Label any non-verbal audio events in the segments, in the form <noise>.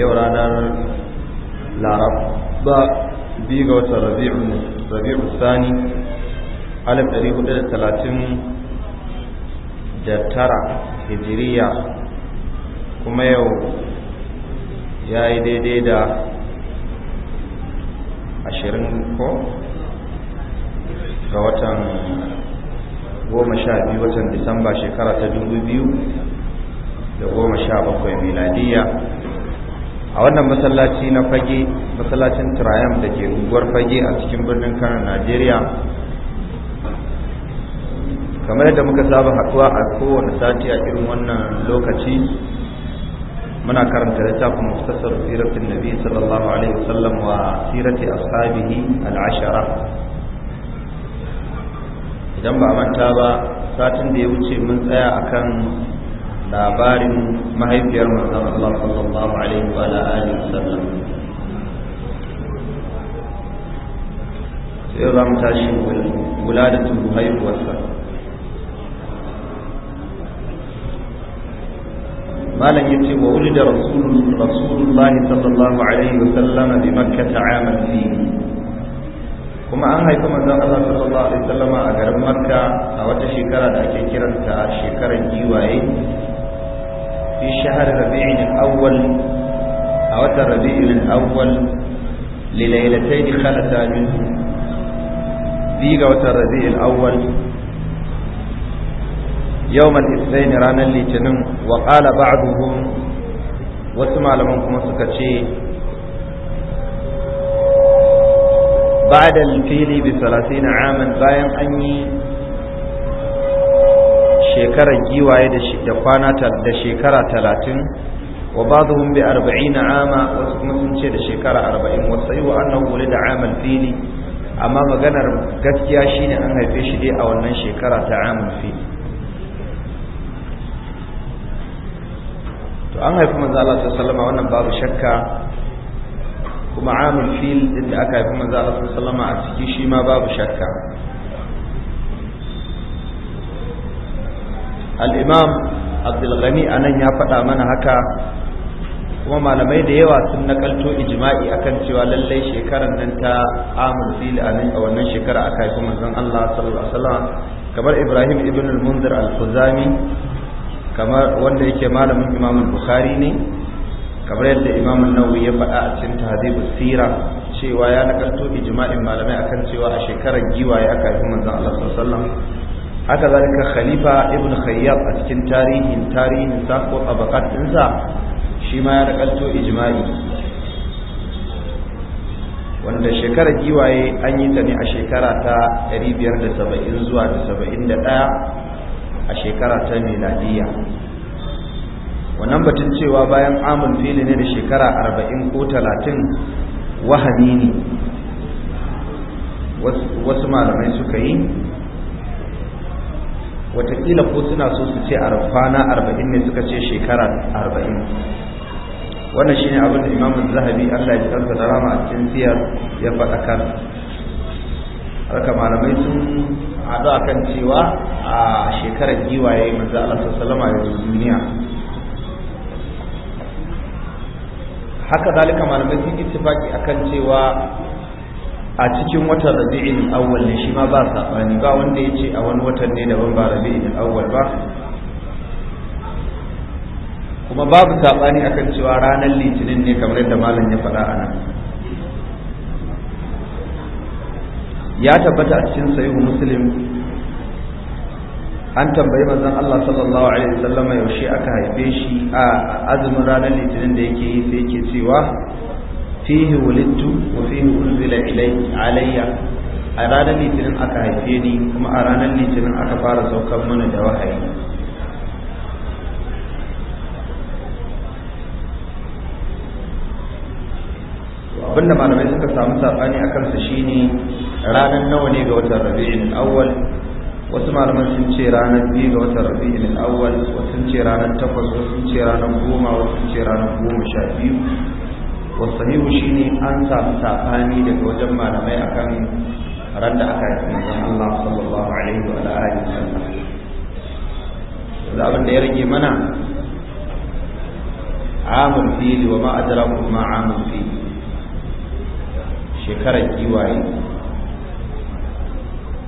yau ranar laraba biyu ga watan rabi'un sani alif ɗari hudu da talatin da tara hijiriya kuma yau ya yi daidai da ashirin ko ga watan goma sha disamba shekara ta dubu biyu da goma sha bakwai miladiyya a wannan masallaci na fage masallacin triumph da ke unguwar fage a cikin birnin kano najeriya kamar yadda muka saba haɗuwa a kowane sati a irin wannan lokaci muna karanta littafin muftasar siratin nabi sallallahu alaihi wasallam wa sirati ashabihi al'ashara idan ba manta ba satin da ya wuce mun tsaya akan labarin mahaifiyar manzon Allah sallallahu alaihi wa alihi wasallam sai za mu tashi wuladatu haihuwarsa malam yace wa wulida rasulullahi sallallahu alaihi wasallam bi makkah amal fihi kuma an haifi manzon Allah sallallahu alaihi wasallama a garin Makka a wata shekara da ake kiranta shekarar giwaye في شهر ربيع الأول أو ربيع الأول لليلتين خلتا منه في وتر ربيع الأول يوم الاثنين رانا اللي جنم وقال بعضهم وسمع لمنكم سكتشي بعد الفيل بثلاثين عاما باين أني shekarar giwaye da kwana da shekara talatin wa ba'dhum bi 40 ama wasu kuma sun ce da shekara 40 wasu yi wa annahu da amal fili amma maganar gaskiya shine an haife shi dai a wannan shekara ta amal fili to an haifi manzo Allah sallallahu alaihi wasallam wannan babu shakka kuma amal fil din da aka haifi manzo Allah sallallahu alaihi wasallam a ciki shi ma babu shakka al'imam abdulghani a nan ya faɗa mana haka kuma malamai da yawa sun nakalto ijma'i akan cewa lallai shekarar nan ta amur fili a wannan shekara aka haifi manzon Allah sallallahu alaihi kamar Ibrahim ibn al-Munzir al-Khuzami kamar wanda yake malamin Imam bukhari ne kamar yadda Imam an-Nawawi ya faɗa a cikin tahdhibus sira cewa ya nakalto ijma'in malamai akan cewa a shekarar giwaye aka haifi manzon Allah sallallahu alaihi haka zalika khalifa ibn khayyab a cikin tarihin tarihin sa ko tabakat ɗinsa shi ma ya nakalto ijma'i wanda shekarar giwaye an yi ta ne a shekara ta 570 zuwa da 71 a shekara ta miladiyya wannan batun cewa bayan amin fili ne da shekara arba'in ko talatin wahani ne wasu malamai suka yi watakila ko suna so su ce arfana arba'in ne suka ce shekara arba'in wannan shine abin da imamun zahabi allah ya kansa da rama a cikin siyar ya faɗa kan haka malamai sun haɗu a kan cewa a shekarar giwaye manzo allah sallama ya duniya haka zalika malamai sun a akan cewa a cikin watan rabi'in awwal ne shi ma ba sabani ba wanda ya ce a wani watan ne daban ba rabi'in awwal ba kuma babu sabani akan cewa ranar litinin ne kamar yadda malam ya faɗa a nan ya tabbata a cikin sahih muslim an tambayi manzon Allah sallallahu alaihi wasallam yaushe aka haife shi a azumin ranar litinin da yake yi sai yake cewa fihi wulidtu wa fihi unzila ilai alayya a ranar litinin aka haife ni kuma a ranar litinin aka fara saukar mana da wahayi abinda malamai suka samu sabani a kansa shine ranar nawa ne ga watan rabi'in awwal wasu malaman sun ce ranar biyu ga watan rabi'in awwal wasu sun ce ranar takwas wasu sun ce ranar goma wasu sun ce ranar goma sha biyu wasu shine an samu safani daga wajen malamai akan ran da aka yi manzon Allah sallallahu alaihi wa alihi wasallam da abin da ya rage mana amul fili wa ma adrakum ma amul fili shekarar giwaye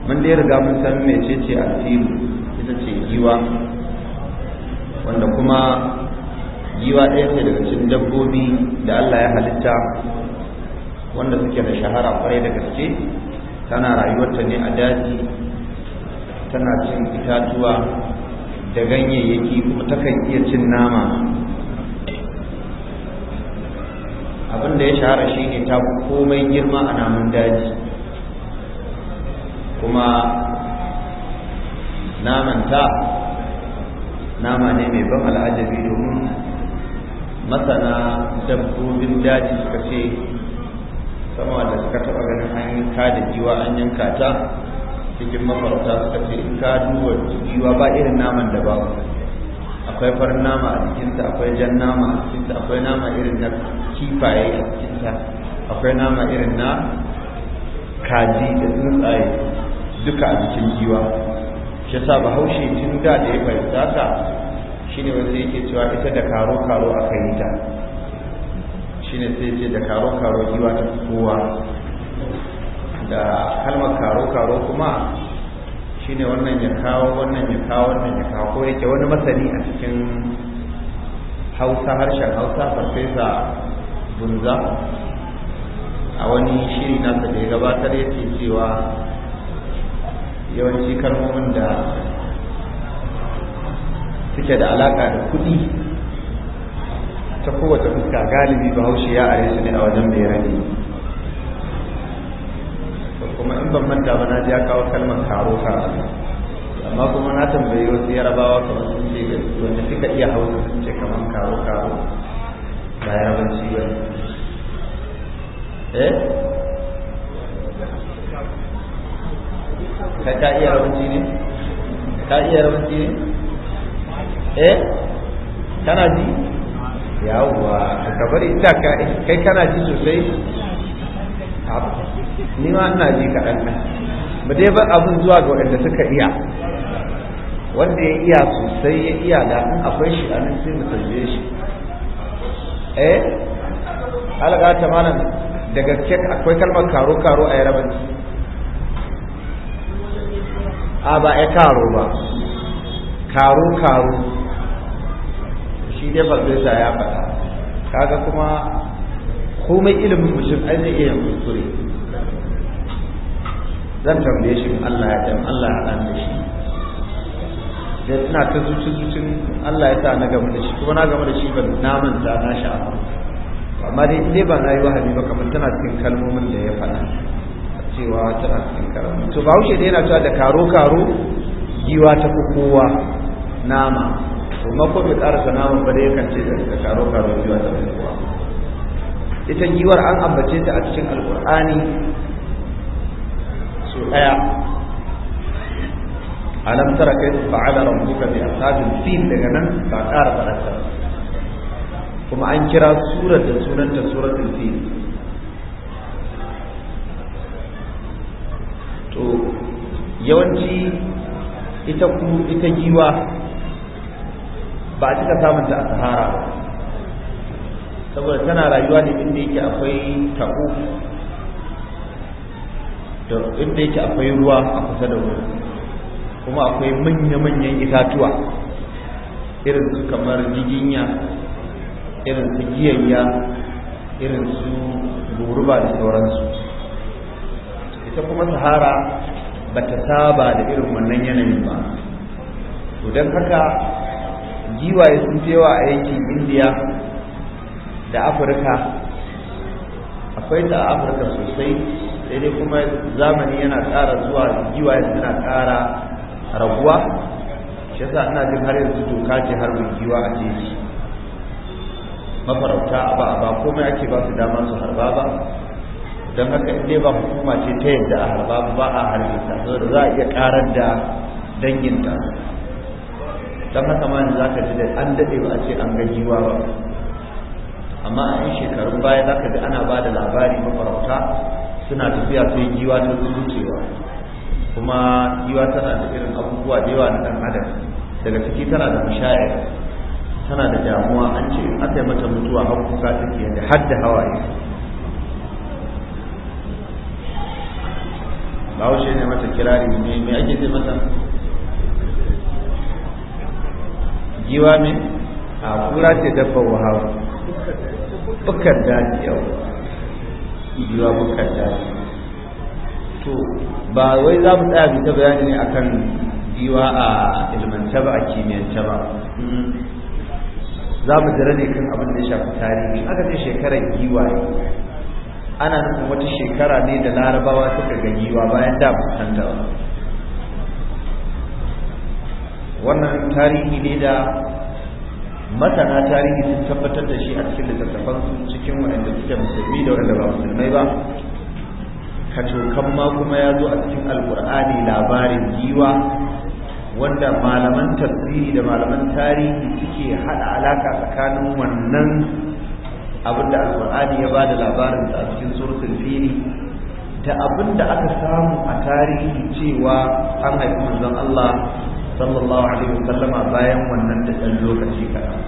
mun da ya riga mun san mecece alfilu ita ce giwa wanda kuma giwa ɗaya ce daga cikin dabbobi da Allah ya halitta wanda suke da shahara kwarai da gaske tana rayuwarta ne a daji tana cin itatuwa da ganyayyaki kuma takan iya cin nama abin da ya shahara shine ta komai girma a namun daji kuma naman ta nama ne mai ban al'ajabi domin masana dabbobin daji suka ce sama da suka taɓa ganin an ka da jiwa an yanka ta cikin mafarauta suka ce in ka duba jiwa ba irin naman da ba akwai farin nama a cikinta akwai jan nama a cikinta akwai nama irin na kifaye a cikinta akwai nama irin na kaji da tsuntsaye duka a cikin jiwa shi sa bahaushe tun da da ya fahimta shine wanda yake cewa ita da karo karo aka yi ta shine sai ce da karo karo giwa ta kowa da kalmar karo karo kuma shine wannan ya kawo wannan ya kawo wannan ya kawo ko yake wani masani a cikin hausa harshen hausa farfesa bunza a wani shiri nasa da ya gabatar yake cewa yawanci kalmomin da suke da alaka da kuɗi ta kowace fuska galibi bahaushe ya are su ne a wajen ba kuma in ban manta ba na ji ya kawo kalmar karo ka amma kuma na tambayi wasu yarabawa kamar sun ce wanda suka iya hausa sun ce kamar karo karo ba yarabanci ba eh ka ta iya rabanci ne ka iya rabanci ne eh kana ji yawwa ka bari ita ka kai kana ji sosai ni ma ina ji kaɗan nan ba dai bar abun zuwa ga waɗanda suka iya wanda ya iya sosai ya iya da in akwai shi a nan sai mutum tambaye shi eh alaka ta malam daga gaske akwai kalmar karo karo a yarabanci a ba ya karo ba karo karo shi dai farfesa ya faɗa kaga kuma komai ilimin mutum an zai iya kuskure zan tambaye shi Allah ya dan Allah ya dan da shi da tana ta zuci zucin Allah ya sa na gama da shi kuma na gama da shi ban namun da na sha amma dai dai ban rayuwa wahabi ba kamar tana cikin kalmomin da ya faɗa cewa tana cikin kalmomin to wuce dai yana cewa da karo karo giwa ta fi kowa nama kuma ko bai ƙara sanamun ba dai yakan ce da karo karo biyu ta kuwa ita giwar an ambace ta a cikin alƙur'ani su ɗaya alam tara kai fa'ala rabbuka bi ashabil fil daga nan ba ƙara faranta kuma an kira surar da sunanta surar fil to yawanci ita ku ita giwa ba a cika samun ta a sahara saboda tana rayuwa ne inda yake akwai taɓo da inda yake akwai ruwa a kusa da ruwa kuma akwai manya-manyan itatuwa irin su kamar jiginya irin su giyayya irin su guruba da sauransu ita kuma sahara ba ta saba da irin wannan yanayin ba to don haka giwaye sun je wa a yankin indiya da afirka akwai ta afirka sosai sai dai kuma zamani yana ƙara zuwa giwaye suna ƙara raguwa shi yasa ina jin har yanzu doka ce har mai giwa a jeji mafarauta ba ba komai ake ba su dama su harba ba don haka in dai ba hukuma ce ta yadda a harba ba a harbe ta za a iya karar da danginta don haka ma za ka ji da an daɗe ba a ce an ga giwa ba amma a yi shekarun baya za ka ji ana bada da labari mafarauta suna tafiya sai giwa ta zucewa kuma giwa tana da irin abubuwa da yawa na ɗan adam daga ciki tana da mashayar tana da damuwa an ce aka yi mata mutuwa har kusa take da har da hawaye bahaushe ne mata kirari ne me ake ce mata giwa ne, a kura ce dafa wahawa bukar daji yau giwa bukar daji to ba wai za mu tsaya bisa bayani ne akan giwa a ilmanta ba a kimiyanta ba za mu jira ne kan abin da ya shafi tarihi aka ce shekarar giwaye ana nufin wata shekara ne da larabawa suka ga giwa bayan da musanta ba wannan tarihi ne da masana tarihi sun tabbatar da shi a cikin littattafan su cikin waɗanda suke musulmi da waɗanda ba musulmai ba kacokan ma kuma ya zo a cikin alkur'ani labarin giwa wanda malaman tasiri da malaman tarihi suke haɗa alaka tsakanin wannan abin da alkur'ani ya ba da labarin a cikin suratul fili da abin da aka samu a tarihi cewa an haifi manzon Allah sallallahu alaihi wasallama bayan wannan da lokaci kaɗan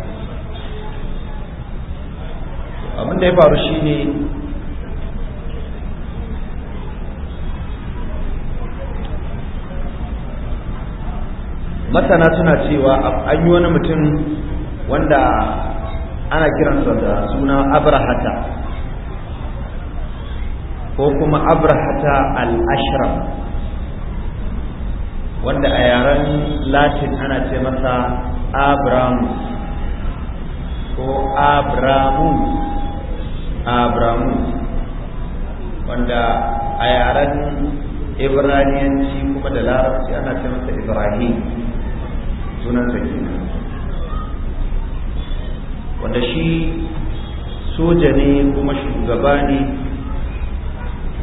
abin da ya faru shine masana suna cewa an yi wani mutum wanda ana kiransa da suna abrahata ko kuma abrahata al-ashram wanda a yaren latin ana ce masa abramus ko abramus Abramu. wanda a yaren ibraniyanci kuma da larabci ana ce masa ibrahim sunansa kenan wanda shi soja ne kuma shugaba ne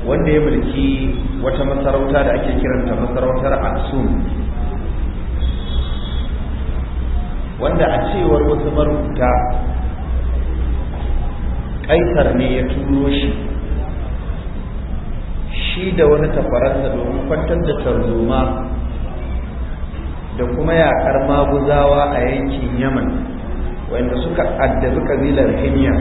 wanda ya mulki wata masarauta da ake kiranta masarautar aksum wanda a cewar wasu marubuta kaisar ne ya turo shi shi da wani tafaransa domin kwantar da tarzoma da kuma yakar maguzawa a yankin yaman wanda suka addabi kabilar hiniya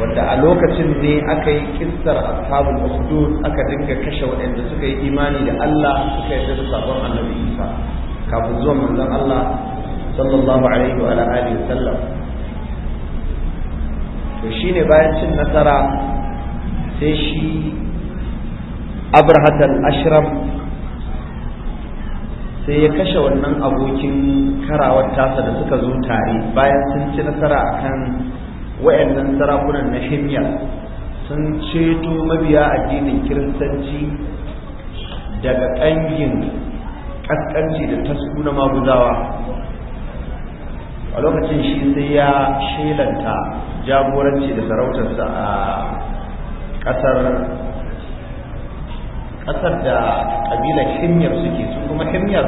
wanda a lokacin ne aka yi kissar ashabul usdud aka dinga kashe waɗanda suka yi imani da Allah suka yi da sabon annabi Isa kafin zuwan manzon Allah sallallahu alaihi wa alihi sallam to shine bayan cin nasara sai shi Abrahat al-Ashram sai ya kashe wannan abokin karawar tasa da suka zo tare bayan sun ci nasara akan wayannan sarakunan na himya sun ceto mabiya addinin kiristanci daga ƙangin ƙasƙanci da tasku na maguzawa a lokacin shi sai ya shelanta jagoranci da sarautarsa a ƙasar ƙasar da ƙabilar himyar suke su kuma himyar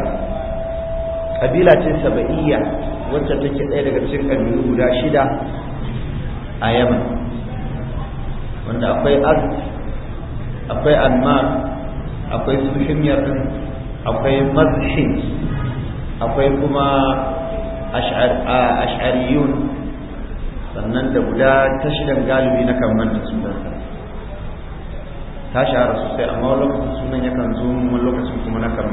ƙabila ce saba'iyya wacce take ɗaya daga cikin ƙabilu guda shida a yaman wanda akwai az akwai almar akwai sushin shimyar akwai mazhin akwai kuma ash'ariyun sannan da guda tashidan galibi na kan manta sunansa ta shahara sosai amma wani lokacin sunan yakan zo wani lokacin kuma na kan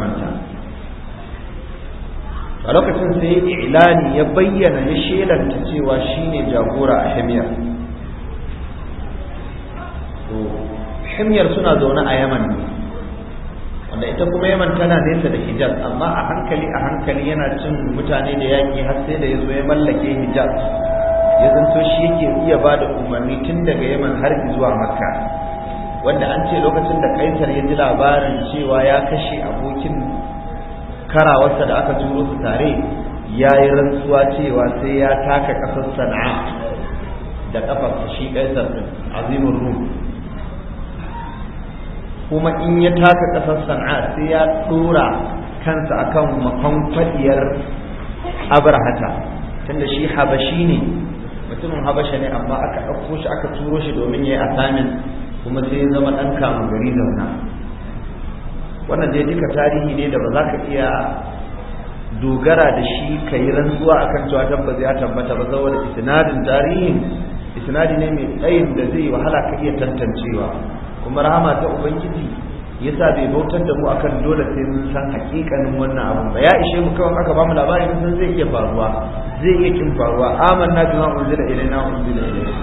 a lokacin sai ilani ya bayyana ya shelanta cewa shine jagora a himyar himiyar suna zaune a yaman ne wanda ita kuma yaman tana nesa da hijab amma a hankali a hankali yana cin mutane da yaƙi har sai da ya zo ya mallake hijab ya zanto shi yake iya ba da umarni tun daga yaman har zuwa makka wanda an ce lokacin da kaisar ya ji labarin cewa ya kashe abokin karawarsa da aka turo su tare ya yi rantsuwa cewa sai ya taka ƙasar sana'a da ƙafarsa shi ƙaisar azimin ruhu kuma in ya taka ƙasar sana'a sai ya ɗora kansa akan faɗiyar abrahata tunda shi habashi ne mutumin habasha ne amma aka ɗauko shi aka turo shi domin ya yi samin kuma sai ya zama ɗan kama gari zauna wannan dai duka tarihi ne da ba za ka iya dogara da shi ka yi rantsuwa a kan cewa tabbas ya tabbata ba saboda isnadin tarihin isnadi ne mai tsayin da zai wahala ka iya tantancewa kuma rahama ta ubangiji ya sa bai bautar da mu akan dole sai mun san hakikanin wannan abu. ba ya ishe mu kawai aka bamu labari mun san zai iya faruwa zai iya kin faruwa amanna bima unzila ilaina unzila ilaina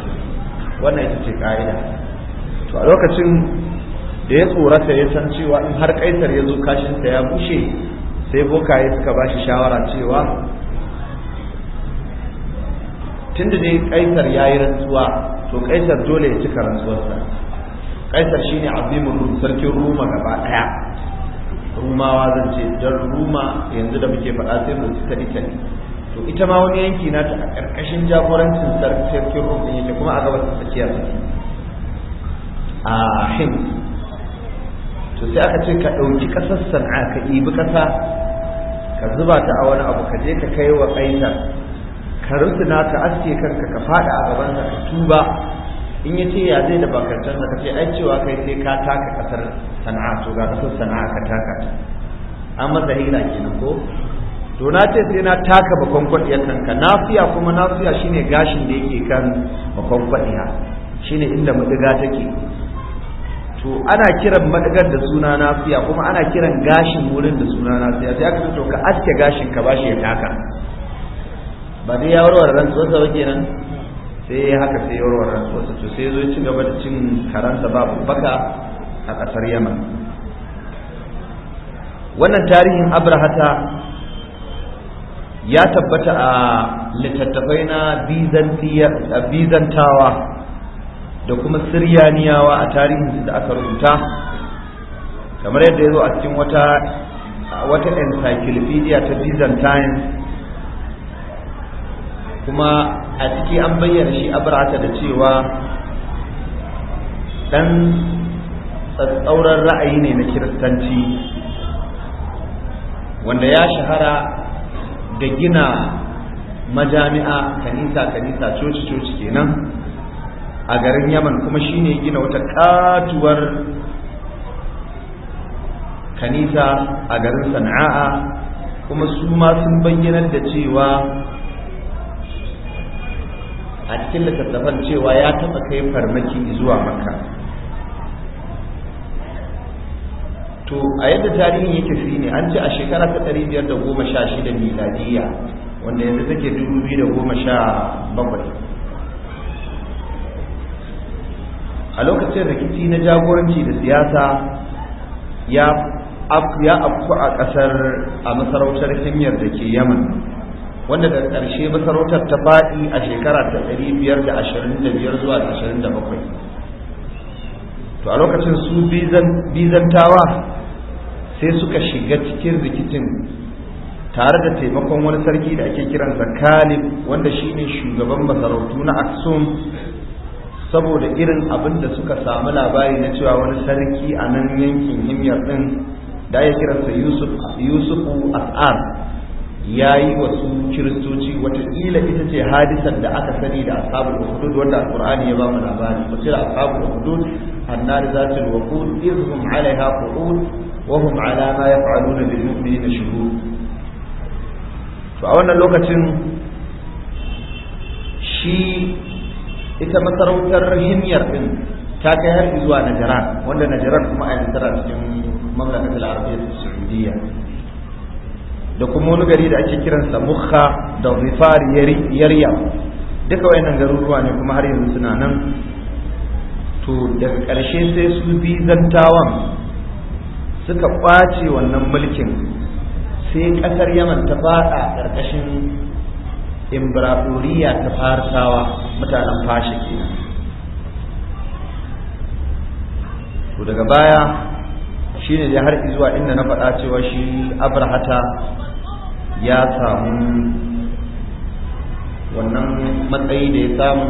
wannan ita ce ka'ida to a lokacin da ya tsorata ya san cewa in har kaisar ya zo kashinsa ya bushe sai bokaye suka ba shi shawara cewa tunda dai kaisar ya yi rantsuwa to kaisar dole ya cika rantsuwarsa kaisar ne abin rum sarkin ruma gaba daya rumawa zan ce don ruma yanzu da muke faɗa sai mu ta italy to ita ma wani yanki ta a ƙarƙashin jagorancin sarkin ruma yake kuma a gabar tsakiya a hims to sai aka ce ka ɗauki ƙasar sana'a ka ibi ƙasa ka zuba ta a wani abu ka je ka kai wa ƙaisar ka rusuna ta aske kanka ka faɗa a gaban ka tuba in ya ce ya zai da bakantar ka ce ai cewa kai sai ka taka ƙasar sana'a to ga ƙasar sana'a ka taka ta an masa hira kenan ko to na ce sai na taka bakon kwaɗiyar kanka nafiya kuma nafiya shine gashin da yake kan bakon kwaɗiya shine inda mutuga take to ana kiran madagar da suna nasiya kuma ana kiran gashin wurin da suna nasiya sai aka to ka aske gashin ka bashi ya taka ba dai ya warware rantsuwarsa ba kenan sai ya haka sai ya warware rantsuwarsa to sai zo ci gaba da cin karensa babu baka a kasar yaman wannan tarihin abrahata ya tabbata a littattafai na bizantawa da kuma siryaniyawa a tarihinsu da aka rubuta kamar yadda ya zo a cikin wata wata encyclopedia ta byzantine kuma a ciki an bayyana shi abrata da cewa dan tsatsauran ra'ayi ne na kiristanci wanda ya shahara da gina majami'a kanisa kanisa coci coci kenan a garin yaman kuma shine ne gina wata katuwar kanisa a garin sana'a kuma su ma sun bayyanar da cewa a cikin littattafan cewa ya taɓa kai farmaki zuwa makka to a yadda tarihin yake fi ne an ce a shekara ta 516 miladiyya wanda yanzu take bakwai. a lokacin rikici na jagoranci da siyasa ya afku a kasar a masarautar himyar da ke yaman wanda da ƙarshe masarautar ta faɗi a shekara ta 525 zuwa 27 to a lokacin su bizantawa sai suka shiga cikin rikicin tare da taimakon wani sarki da ake kiransa kalib wanda shine shugaban masarautu na aksum saboda irin abin da suka samu labari na cewa wani sarki a nan yankin himyar din da ya kiransa yusuf yusufu as'ar ya yi wasu kiristoci watakila ita ce hadisar da aka sani da ashabul hudud wanda alqur'ani ya ba mu labari ko ce ashabul hudud annar zatul waqud izhum alaiha qu'ud wa hum ala ma yaf'aluna bil mu'minina shuhud to a wannan lokacin shi ita masarautar himyar din ta kai har zuwa najaran wanda najaran kuma a yanzu tara cikin mamlakatul arabiyyah saudiya da kuma wani gari da ake kiransa mukha da zifar yarya duka wayannan garuruwa ne kuma har yanzu suna nan to daga ƙarshe sai su bi zantawan suka ƙwace wannan mulkin sai ƙasar yaman ta faɗa ƙarƙashin imbrafuriya ta farsawa mutanen fashe kenan to daga baya shine da har zuwa inda na faɗa cewa shi abrahata ya samu wannan matsayi da ya samu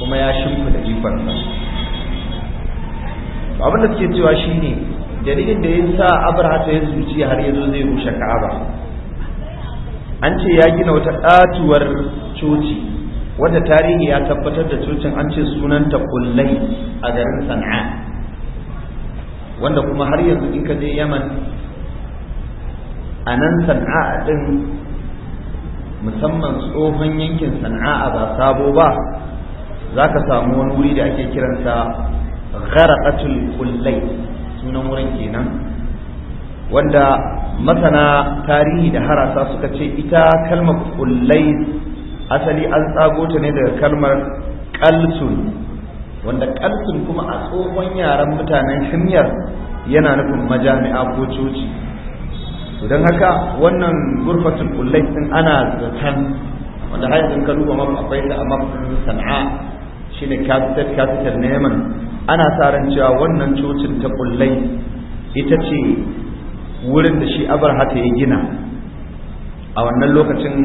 kuma ya shimfi da ikonsa abin da suke cewa shine dalilin da ya sa abrahata ya zuci har yanzu zai rushe ka'aba an ce ya gina wata ɗatuwar coci wadda tarihi ya tabbatar da cocin an ce sunanta kullai a garin sana'a wanda kuma har yanzu in ka je yaman a nan sana'a din musamman tsohon yankin sana'a ba sabo ba za ka samu wani wuri da ake kiransa gharaqatul kullai sunan wurin kenan wanda masana tarihi da harasa suka ce ita kalmar kullai asali an tsago ta ne daga kalmar kalsun wanda kalsun kuma a tsohon yaren mutanen himyar yana nufin majami'a ko coci don haka wannan gurfatul kullai sun ana zaton wanda har yanzu ka duba map akwai ta a sana'a shine capital capital na Yemen ana sa ran cewa wannan cocin ta kullai ita ce wurin da shi abarhata ya gina a wannan lokacin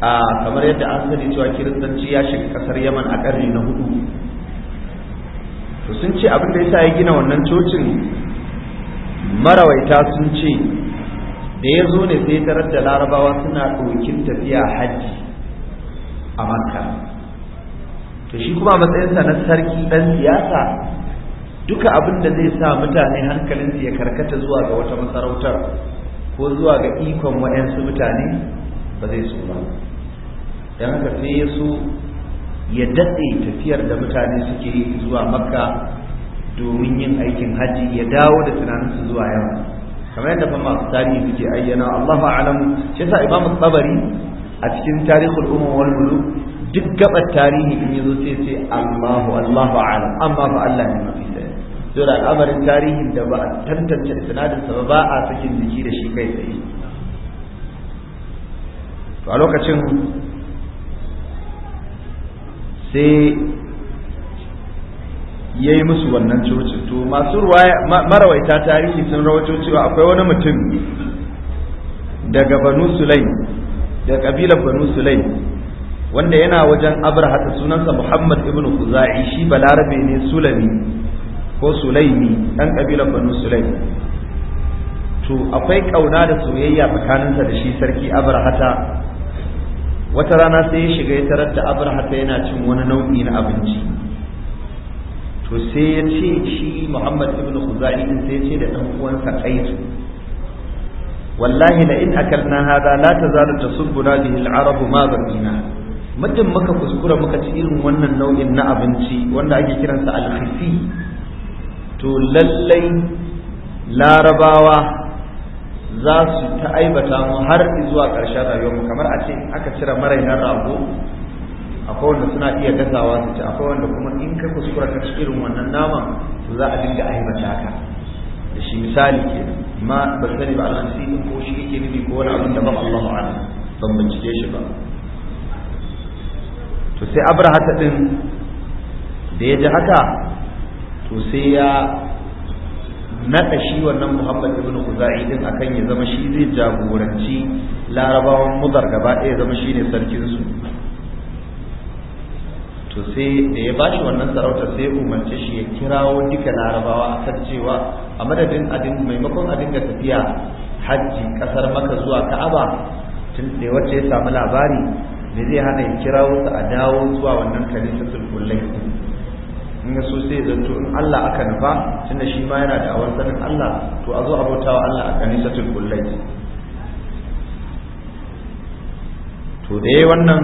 a kamar yadda an sani cewa kiristanci ya shiga kasar yaman a ƙarni na hudu to sun ce abin da yasa ya gina wannan cocin marawaita sun ce da ya zo ne sai tarar da larabawa suna ɗokin tafiya hajji a makka to shi kuma matsayinsa na sarki ɗan siyasa duka abin da zai sa mutane hankalinsu ya karkata zuwa ga wata masarautar ko zuwa ga ikon waɗansu mutane ba zai so ba don haka sai ya so ya daɗe tafiyar da mutane suke zuwa makka domin yin aikin hajji ya dawo da tunaninsu zuwa yawa kamar yadda fa su tarihi suke ayyana Allahu a'lam shi yasa imamu tsabari a cikin tarihul umma wal muluk duk gabar tarihi in yazo sai sai Allahu Allahu a'lam amma fa Allah ne mafi sani saboda al'amarin tarihin da ba a tantance sanadin sa ba a cikin jiki da shi kai tsaye to a lokacin sai ya yi musu wannan cocin to masu marawaita tarihi sun rawaito cewa akwai wani mutum daga banu sulaim da kabilar banu sulaim wanda yana wajen abraha sunansa muhammad ibn kuza'i shi balarabe ne sulami ko sulaimi dan kabilar banu sulaimi to akwai kauna da soyayya tsakaninsa da shi sarki abrahata wata rana sai ya shiga ya tarar da abrahata yana cin wani nau'i na abinci to sai ya ce shi muhammad ibn Kuza'i din sai ya ce da dan uwansa kaisu wallahi la in akalna hada la tazalu tasubbuna bihi al-arab ma bakina muddin muka kuskura muka ci irin wannan nau'in na abinci wanda ake kiransa alhisi to lallai larabawa za su ta aibata mu har zuwa ƙarshen rayuwarmu kamar a ce aka cire marainar rago akwai wanda suna iya gasawa su ci akwai wanda kuma in ka kuskura ka ci irin wannan nama, to za a dinga aibata ka da shi misali ke ma ba sani ba alhasi ko shi yake nufi ko wani abin da ba Allahu a'lam ban bincike shi ba to sai ta ɗin da ya ji haka to sai ya naɗa shi wannan muhammad ibn kuza'i din akan ya zama shi zai jagoranci larabawan mudar gaba ɗaya zama shi ne sarkinsu to sai da ya bashi wannan sarauta sai umarce shi ya kirawo duka larabawa a kan cewa a madadin adin maimakon a dinga tafiya hajji kasar maka zuwa ka'aba tun da wacce ya samu labari me zai hana ya kira wasu a dawo zuwa wannan kalisa sulkullai in ga so sai zanto in Allah aka nufa tunda shi ma yana da awar sanin Allah to a zo a bautawa Allah a kalisa sulkullai to da yayi wannan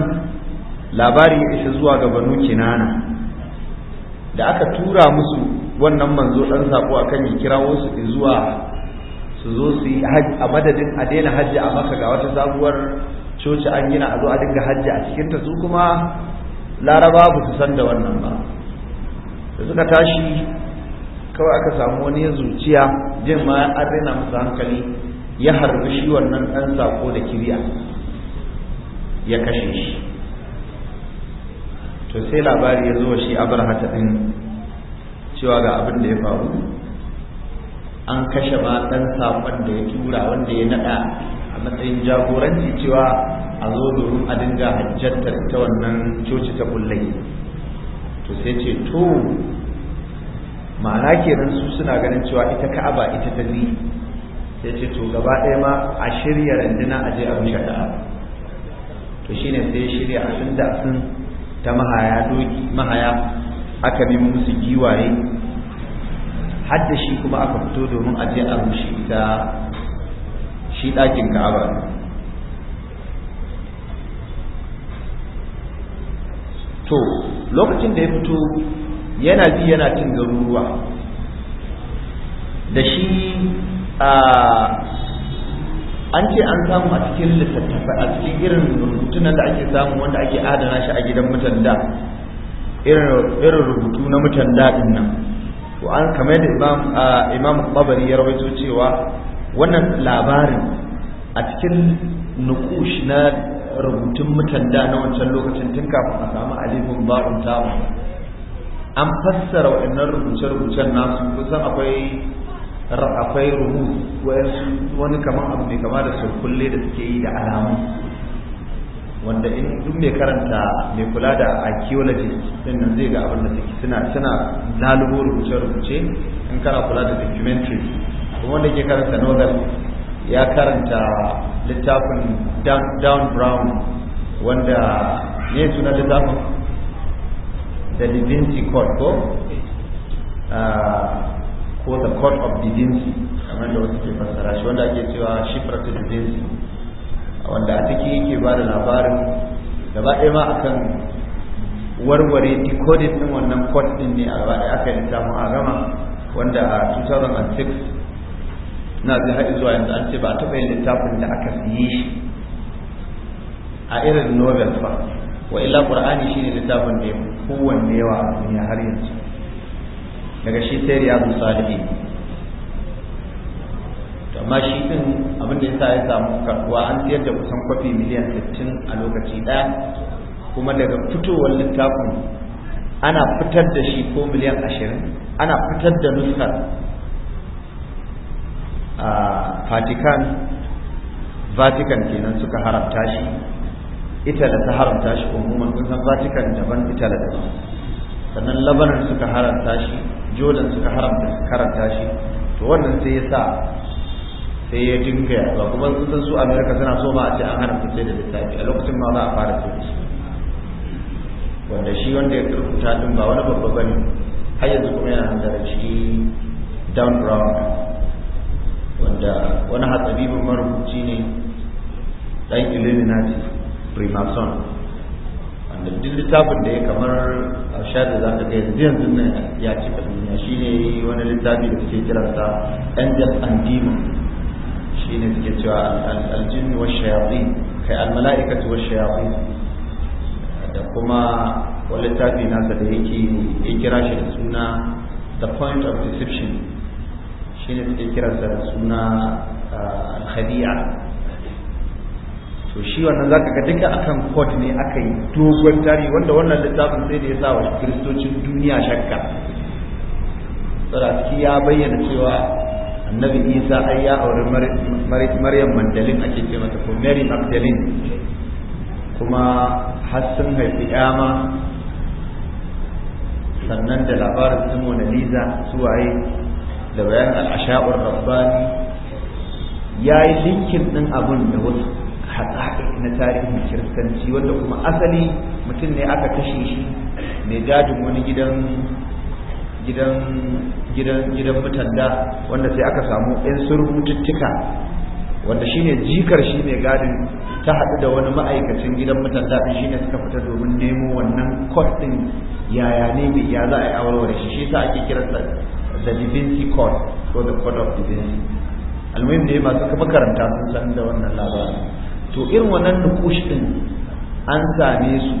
labari ya isa zuwa ga banu kinana da aka tura musu wannan manzo dan sako akan ya kira wasu zuwa su zo su yi a madadin a daina hajji a maka ga wata sabuwar coci an gina a zo a dinga hajji a cikinta su kuma laraba ba su san da wannan ba da suka tashi kawai aka samu wani ya zuciya jin ma an rena masa hankali ya harbi shi wannan ɗan sako da kiriya ya kashe shi to sai labari ya zo shi a bar ɗin cewa ga abin da ya faru an kashe ma ɗan saƙon da ya tura wanda ya naɗa a matsayin jagoranci cewa a zo domin a dinga hajjantar ta wannan coci ta kullai to sai ce to ma'ana kenan su suna ganin cewa ita ka'aba ita ta zi sai ce to gaba ɗaya ma a shirya randuna a je a rushe ka'aba to shine sai shirya a sun da sun ta mahaya doki mahaya aka bi musu giwaye hadda shi kuma aka fito domin a je a rushe ta shi ɗakin ka'aba to lokacin da ya fito yana bi yana cin garuruwa da shi an ce an samu a cikin littattafa a cikin irin rubutunan da ake samu wanda ake adana shi a gidan mutan da irin rubutu na mutan daɗin nan to an kamar da imam babari ya rawaito cewa wannan labarin a cikin nukush na rubutun mutanda na wancan lokacin tun kafin a samu alifin barun tawa an fassara waɗannan rubuce-rubucen nasu kusan akwai akwai rubu wani kamar abu mai kama da surkulle da suke yi da alamu wanda in duk mai karanta mai kula da archaeologist din nan zai ga abin da suke suna suna lalubo rubuce-rubuce in kana kula da documentary wanda ke karanta novel ya karanta littafin down brown wanda ne suna littafin the da vinci court ko ah, ko the court of divinity kamar da wasu ke fassara shi wanda ake cewa shifratu da divinity wanda a ciki yake ba da labarin gaba ɗaya ma akan warware decoded ɗin wannan court ɗin ne a gaba ɗaya aka yi littafin a gama wanda a 2006 na zai haɗi zuwa yanzu an ce ba a taɓa yin littafin da aka siye shi a irin novel ba wa illa qur'ani shine littafin da ya kowanne yawa a duniya har yanzu daga shi sai riyadu To amma shi din abin da yasa ya samu karbuwa an siyar da kusan kwafi miliyan 60 a lokaci ɗaya kuma daga fitowar littafin ana fitar da shi ko miliyan 20 ana fitar da nuskar vatican vatican kenan suka haramta shi italy ta haramta shi umuman kun san vatican daban italy daban sannan labanan suka haramta shi jordan suka haramta karanta shi to wannan sai ya sa sai ya dinga yawa kuma sun san su america suna so ma a ce an haramta sai da littafi a lokacin ma za a fara sai da shi wanda shi wanda ya turkuta din ba wani babba bane har yanzu kuma yana da ciki down ground. wani hatsabibin marubuci ne ɗan illuminati primason wanda duk littafin da ya kamar a da za ka gaya yanzu yanzu nan ya ci duniya shi ne wani littafi da suke kiransa angel and demon shi ne suke cewa aljinni wa shayafi kai almala'ikatu wa shayafi da kuma wani littafi nasa da yake ya kira shi da suna the point of deception shi ne suke kiransa da suna al to shi wannan zaka ga duka akan court ne aka yi dogon tarihi wanda wannan littafin sai da ya sa wa kiristocin duniya shakka sarki ya bayyana cewa annabi isa ai ya auri maryam magdalin ake ce mata ko mary magdalin kuma har sun haifi yama sannan da labarin su mona su suwaye da bayan al'asha'ur rabbani ya yi linkin ɗin abin da wasu haɗaɗe na tarihin kiristanci wanda kuma asali mutum ne aka kashe shi mai gadin wani gidan gidan gidan gidan mutanda wanda sai aka samu ɗan surututtuka wanda shine jikar shi mai gadin ta haɗu da wani ma'aikacin gidan mutanda ɗin shine suka fita domin nemo wannan court ɗin yaya ne mai ya za a yi awarware shi shi sa ake kiransa the divinity court ko the court of divinity almuhim da masu kafa karanta sun san da wannan labarin to irin wannan nukush din an same su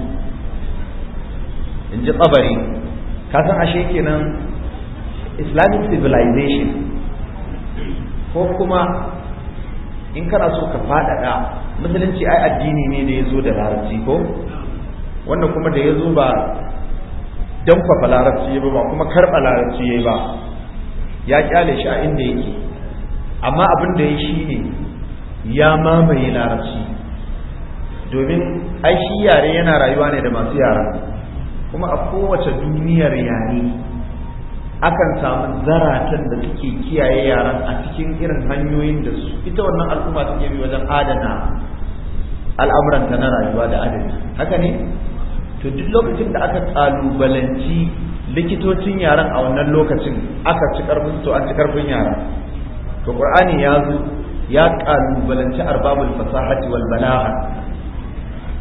in ji tsabari san ashe kenan islamic civilization ko kuma in kana so ka faɗaɗa musulunci ai addini ne da ya zo da larabci ko wanda kuma da ya zo ba danfafa larabci ba kuma karɓa larabci ya ba ya kyale shi a inda yake amma abin da ya shi ne ya mamaye larabci domin ai shi yare yana rayuwa ne da masu yara kuma a kowace duniyar yare akan samu zaratan da suke kiyaye yaran a cikin irin hanyoyin da su ita wannan al'umma take bi wajen adana al'amuranta na rayuwa da adana haka ne to duk lokacin da aka kalubalanci likitocin yaran a wannan lokacin aka ci karfin to an ci karfin yara to qur'ani ya zo ya kalubalanci arbabul fasahati wal balagha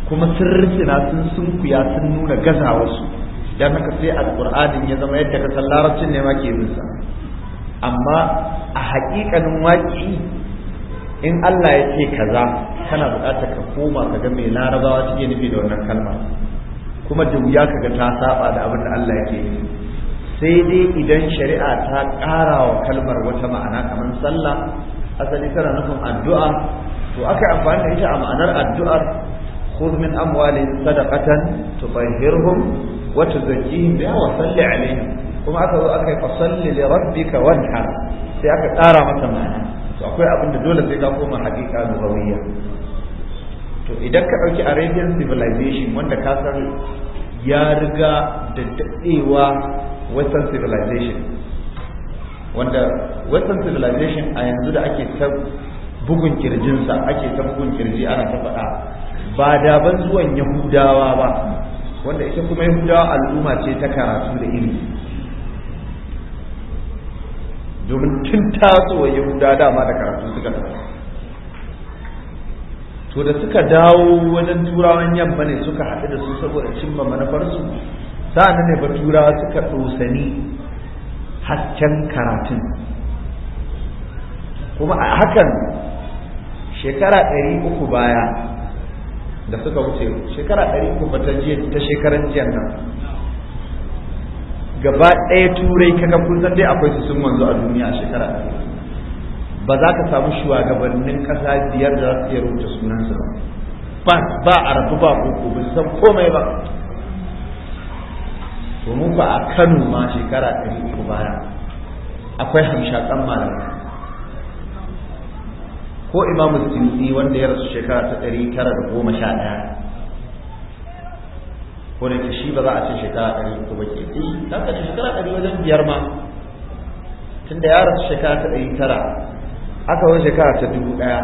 kuma sirrina sun sunkuya sun nuna gazawarsu dan haka sai alqur'ani ya zama yadda ka san larabcin ne ma ke sa amma a haƙiƙanin waƙi in Allah ya ce kaza kana buƙatar ka koma ka ga mai larabawa take nufi da wannan kalma kuma da wuya ka ga ta saba da abin da Allah yake yi sai dai idan shari'a ta ƙara wa kalmar wata ma'ana kamar sallah asali tana nufin addu'a to aka amfani da ita a ma'anar addu'ar amwali sadaqatan tubahhirhum wa tuzakkihim وتزكيهم wa salli alaihim kuma aka zo aka yi fasalli li rabbika wanhar sai aka ƙara mata ma'ana to akwai abin da dole sai ka koma hakika lugawiyya to idan ka ɗauki Arabian civilization wanda ka san ya riga da dadewa western civilization wanda western civilization a yanzu da ake ta bugun kirjinsa ake ta bugun kirji ana ta faɗa ba da ban zuwan yahudawa ba wanda ita kuma yahudawa al'umma ce ta karatu da ilimi domin tun tasowa yahudawa dama da karatu suka tafi to da suka dawo wajen turawan yamma ne suka haɗu da su saboda cimma manufarsu sa'an ne ba turawa suka tsosani hasken karatun kuma a hakan shekara ɗari uku baya da suka wuce shekara ɗari uku ba ta ta shekaran jiyan nan gaba ɗaya turai kaga kun san dai akwai su sun wanzu a duniya a shekara ɗari ba za ka samu shugabannin ƙasa biyar da za su iya rubuta sunansu ba ba a rabu ba ko ba san komai ba domin ba a kano ma shekara ɗari uku baya akwai hamshakan malamai ko imamu sinsi wanda ya rasu shekara ta ɗari tara da goma sha ɗaya ko da shi ba za a ce shekara ɗari uku ba ke ɗi za ka ce shekara ɗari wajen biyar ma tunda ya rasu shekara ta ɗari tara aka wani shekara ta dubu ɗaya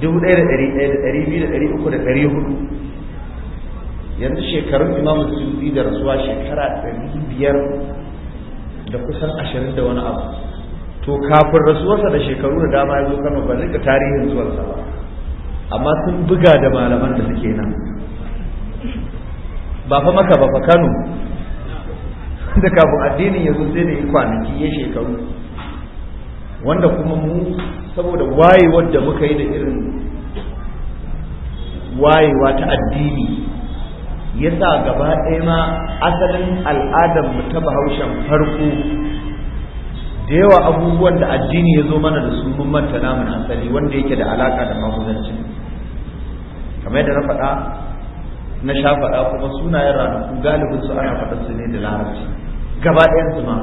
dubu ɗaya da ɗari ɗaya da ɗari biyu da ɗari uku da ɗari hudu yanzu shekarun imamu sufi da rasuwa shekara ɗari biyar da kusan ashirin da wani abu to kafin rasuwarsa da shekaru da dama ya zo kano ba rika tarihin zuwansa ba amma sun buga da malaman da suke nan ba fa maka ba fa kano <laughs> da kafin addinin ya zo sai da yi kwanaki ya shekaru wanda kuma mu saboda wayewar da muka yi da irin wayewa ta addini yasa gaba ɗaya ma asalin al'adar mu ta bahaushen farko da yawa abubuwan da addini ya zo mana da su mun manta na asali wanda yake da alaka da magudanci kamar yadda na faɗa na sha faɗa kuma sunayen ranaku galibin su ana faɗa su ne da larabci gaba ɗaya su ma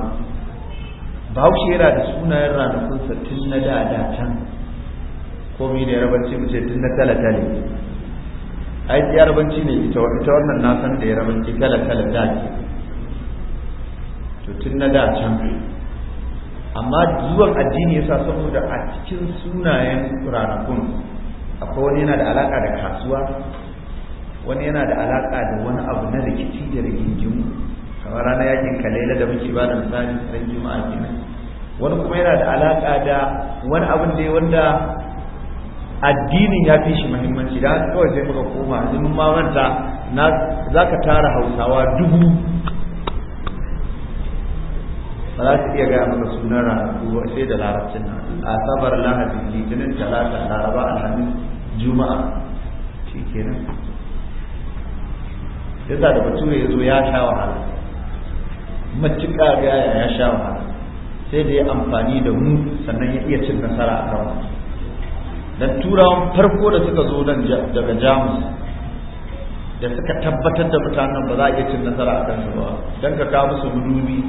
bahaushe yana da sunayen ranakun sa tun na da da ko komai da yarabarci mu ce tun na tale tale ai rabanci ne ita ita wannan na san da rabanci kala kala da ke to tun na da can amma zuwan addini yasa saboda a cikin sunayen ranakun akwai wani yana da alaka da kasuwa wani yana da alaka da wani abu na rikici da rigingimu kamar ranar yakin kalela da muke ba da misali ran juma'a kenan wani kuma yana da alaka da wani abin da wanda addinin ya fi shi mahimmanci da haka kawai sai muka koma a mun ma manta za ka tara Hausawa dubu ba za su iya gaya maka sunan ranaku ba sai da larabcin nan asabar lahadi litinin talata laraba alhamis juma'a shi kenan yasa da bature ya zo ya sha wahala matuƙa gaya ya sha wahala sai da ya amfani da mu sannan ya iya cin nasara a kawai dan turawan farko da suka zo nan daga jamus da suka tabbatar da mutanen ba za a iya cin nasara a kansu ba dan ka kawo musu mudubi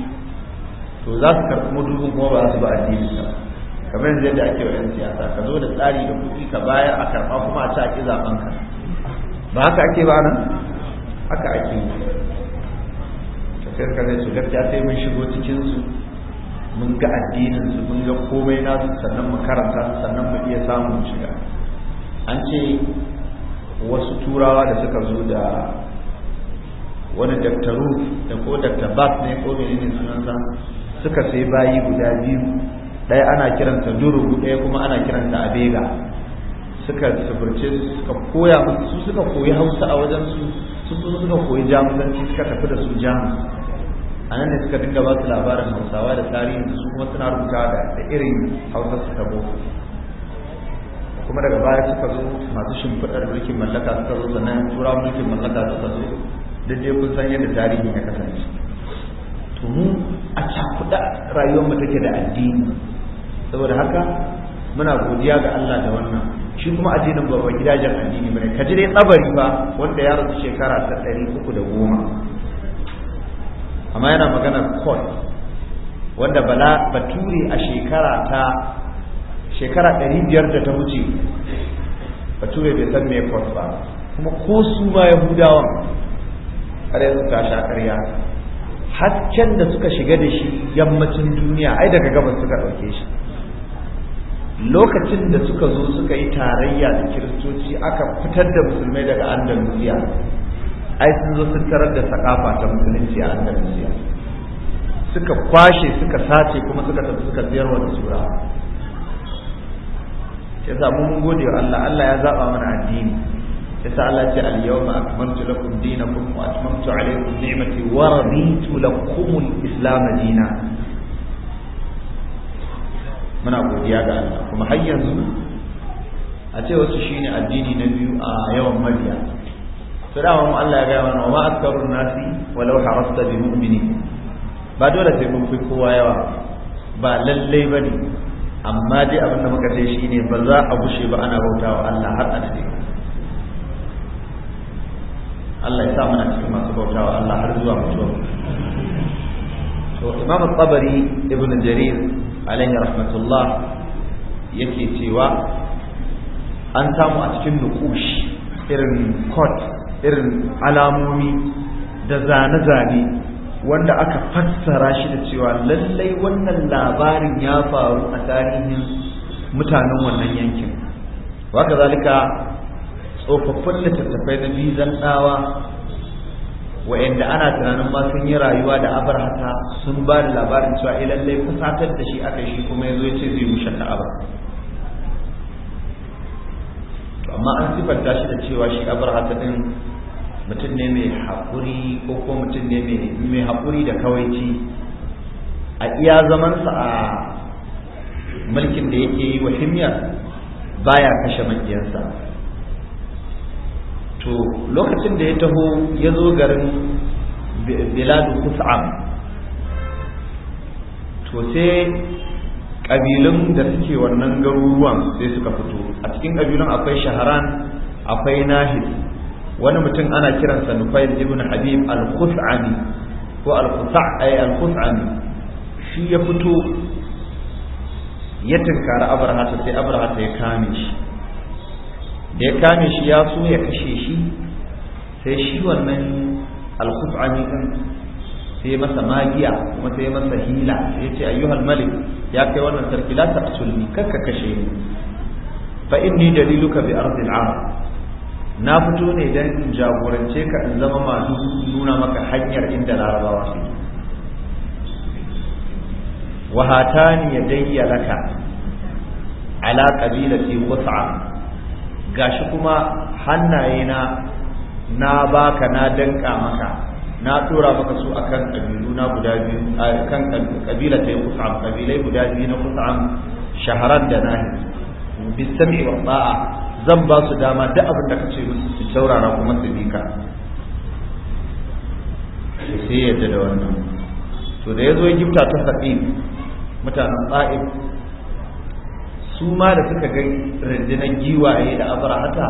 to za su karɓi mudubin kuma ba za su ba addini ba kamar yanzu yadda ake wa 'yan siyasa ka zo da tsari da kuɗi ka bayar a karɓa kuma a ci a ƙi zaɓen ba haka ake ba nan haka ake yi ka sai ka zai su gaskiya sai mun shigo cikinsu mun ga addinin su mun ga komai su sannan mu karanta sannan mu iya samun shiga an ce wasu turawa da suka zo da wani daktaru da ko dakta bat ne ko menene sunansa suka sai bayi guda biyu ɗaya ana kiranta durugu ɗaya kuma ana kiranta abega suka suburce su suka koya su suka koyi hausa a wajen su sun suka koyi jamusanci suka tafi da su jamus Anan ne suka dinga ba su labarin hausawa da tarihin su kuma suna rubuta da da irin hausa su tabo kuma daga baya suka zo masu shimfiɗar mulkin mallaka suka zo sannan tura mulkin mallaka suka zo duk dai kun san yadda tarihin ya kasance to mu a cakuɗa rayuwar mu take da addini saboda haka muna godiya ga Allah da wannan shi kuma addinin babban gidajen addini bane kaji dai tsabari ba wanda ya rasu shekara ta ɗari uku da goma amma yana maganar court wanda bala bature a shekara ta shekara 500 da ta wuce bature bai san me court ba kuma ko su ma hudawa har yanzu ta sha ƙarya hasken da suka shiga da shi yammacin duniya ai daga gabas suka ɗauke shi lokacin da suka zo suka yi tarayya da kiristoci aka fitar da musulmai daga andalusiya ai sun zo sun tarar da sakafa ta musulunci a andalusiya suka kwashe suka sace kuma suka tafi suka tsayar wa sura. ya zamu mun gode wa Allah Allah ya zaba mana addini ya sa Allah ce al-yawma akmaltu lakum dinakum wa atmamtu alaykum ni'mati wa raditu lakum al-islam dina muna godiya ga Allah kuma har yanzu a ce wasu shine addini na biyu a yawan mabiya to da mu Allah ya ga mana wa aktarun nasi walau harasta bi mu'mini ba dole sai mun fi kowa yawa ba lalle bane amma dai abin da muka sai shine ba za a gushe ba ana bauta wa Allah har a cikin Allah ya sa mana cikin masu bauta wa Allah har zuwa mutuwa to Imam Tabari Ibn Jarir alaihi rahmatullah yake cewa an samu a cikin nukush irin court irin alamomi da zane-zane wanda aka fassara shi da cewa lallai wannan labarin ya faru a tarihin mutanen wannan yankin waka zalika tsofaffin littattafai na bizan ɗawa wa'anda ana tunanin ma sun yi rayuwa da abarhata sun ba da labarin cewa eh, lallai fusatar da shi aka shi kuma ya zo ya ce zai rushe ka'aba amma an sifanta shi da cewa shi abarhata din mutum ne mai haƙuri ko ko mutum ne mai haƙuri da kawaici a iya zamansa a mulkin da yake yi wa himyar baya kashe makiyarsa to lokacin da ya taho ya zo garin biladu kus'am to sai ƙabilun da suke wannan garuruwan sai suka fito a cikin ƙabilun akwai shaharan akwai nahid wani mutum ana kiransa nufail ibn habib al-khuz'ani ko al-khuz'ani shi ya fito ya tunkari abrahata sai abrahata ya kame shi da ya kame shi ya so ya kashe shi sai shi wannan al-khuz'ani din sai masa magiya kuma sai masa hila sai ce ayyuhal malik ya kai wannan sarki la ta asulni kakka kashe ni fa inni daliluka bi ardil arab na fito ne don in jagorance ka in zama masu nuna maka hanyar inda larabawa su ne ya dayya laka ala qabilati wasa gashi kuma hannaye na na baka na danka maka na tura maka su akan ƙabilu na guda biyu kan ƙabila ta kusa ƙabilai guda biyu na kusam shaharar da nahi bisami wa ba'a zan ba su dama duk abin da ka ce musu su saurara kuma su bi ka sai yadda da wannan to da ya zo gifta ta saƙi mutanen tsa'ib su ma da suka ga rundunar giwaye da abrahata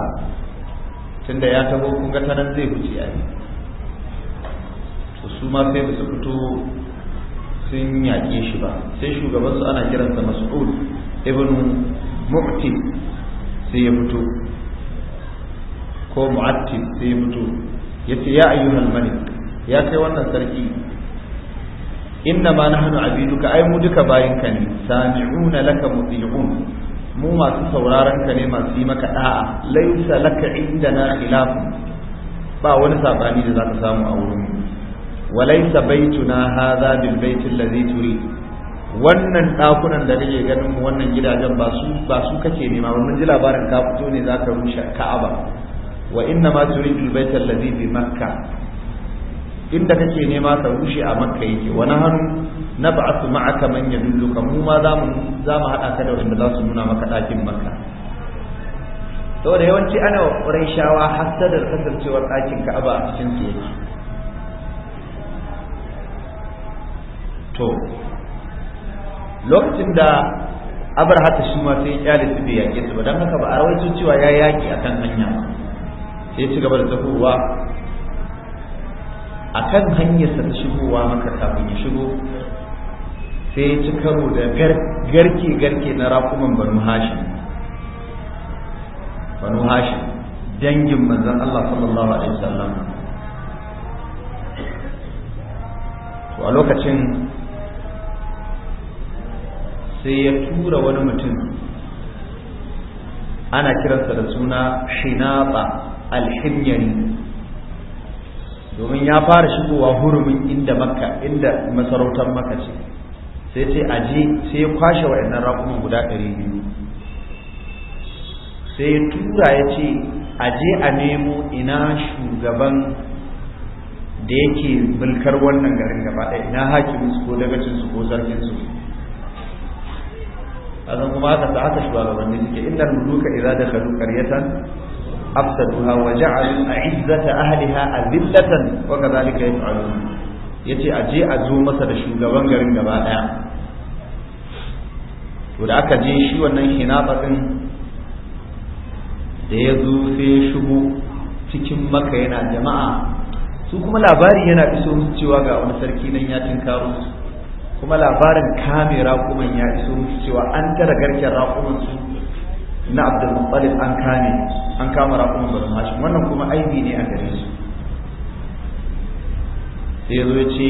tunda ya taho kun ga tanan zai wuce a to su ma sai su fito sun yaƙe shi ba sai shugabansu ana kiransa mas'ud ibn mukti. sai ya fito ko mu'attin sai ya fito ya ce ya ayyuhal malik ya kai wannan sarki inna ma nahnu abiduka ai mu duka bayinka ne sami'una laka muti'un mu masu sauraron ka ne masu yi maka da'a laisa laka indana khilaf ba wani sabani da zaka samu a wurin mu baituna hadha bil بالبيت الذي تريد wannan ɗakunan da nake ganin wannan gidajen ba su ba su kake nema ba mun ji labarin ka fito ne zaka rushe Ka'aba wa inna ma turidu al-bayta alladhi bi Makkah inda kake nema ka rushe a Makka yake wa nahnu nab'athu ma'aka man yadulluka mu ma za mu za mu hada ka da wanda za su nuna maka ɗakin Makka saboda yawanci ana wa Qurayshawa hasadar kasancewar ɗakin Ka'aba a cikin su yake to lokacin da abar hata shi ma sai ya kyale su bai yake su ba don haka ba a rawaito cewa ya yaki akan hanya sai ci gaba da tafowa akan hanyarsa ta shigowa maka kafin ya shigo sai ya ci karo da garke-garke na rakuman banu hashim banu hashim dangin manzan Allah sallallahu alaihi wasallam to a lokacin sai ya tura wani mutum ana kiransa da suna shinaba alhinyari domin ya fara shigowa hurumin inda makka inda masarautar makka ce sai ce aje sai ya kwashe wa'annan raƙuman guda ɗari biyu sai ya tura ya ce aje a nemo ina shugaban da yake mulkar wannan garin gaba ɗaya ina hakimin su ko dagacin ko zargin azan kuma haka ta haka shugabanni suke innal muluka idza dakhalu qaryatan afsaduha wa ja'alu a'izzata ahliha adillatan wa kadhalika yaf'alu yace a je a zo masa da shugaban garin gaba daya to da aka je shi wannan hinafa din da ya zo sai ya cikin maka yana jama'a su kuma labari yana iso musu cewa ga wani sarki nan ya tinkaro su kuma labarin kame raƙuman ya iso musu cewa an tara garken raƙuman su na abdulmuttalib an kame an kama raƙuman ba hashim wannan kuma aibi ne a gare su sai zo ce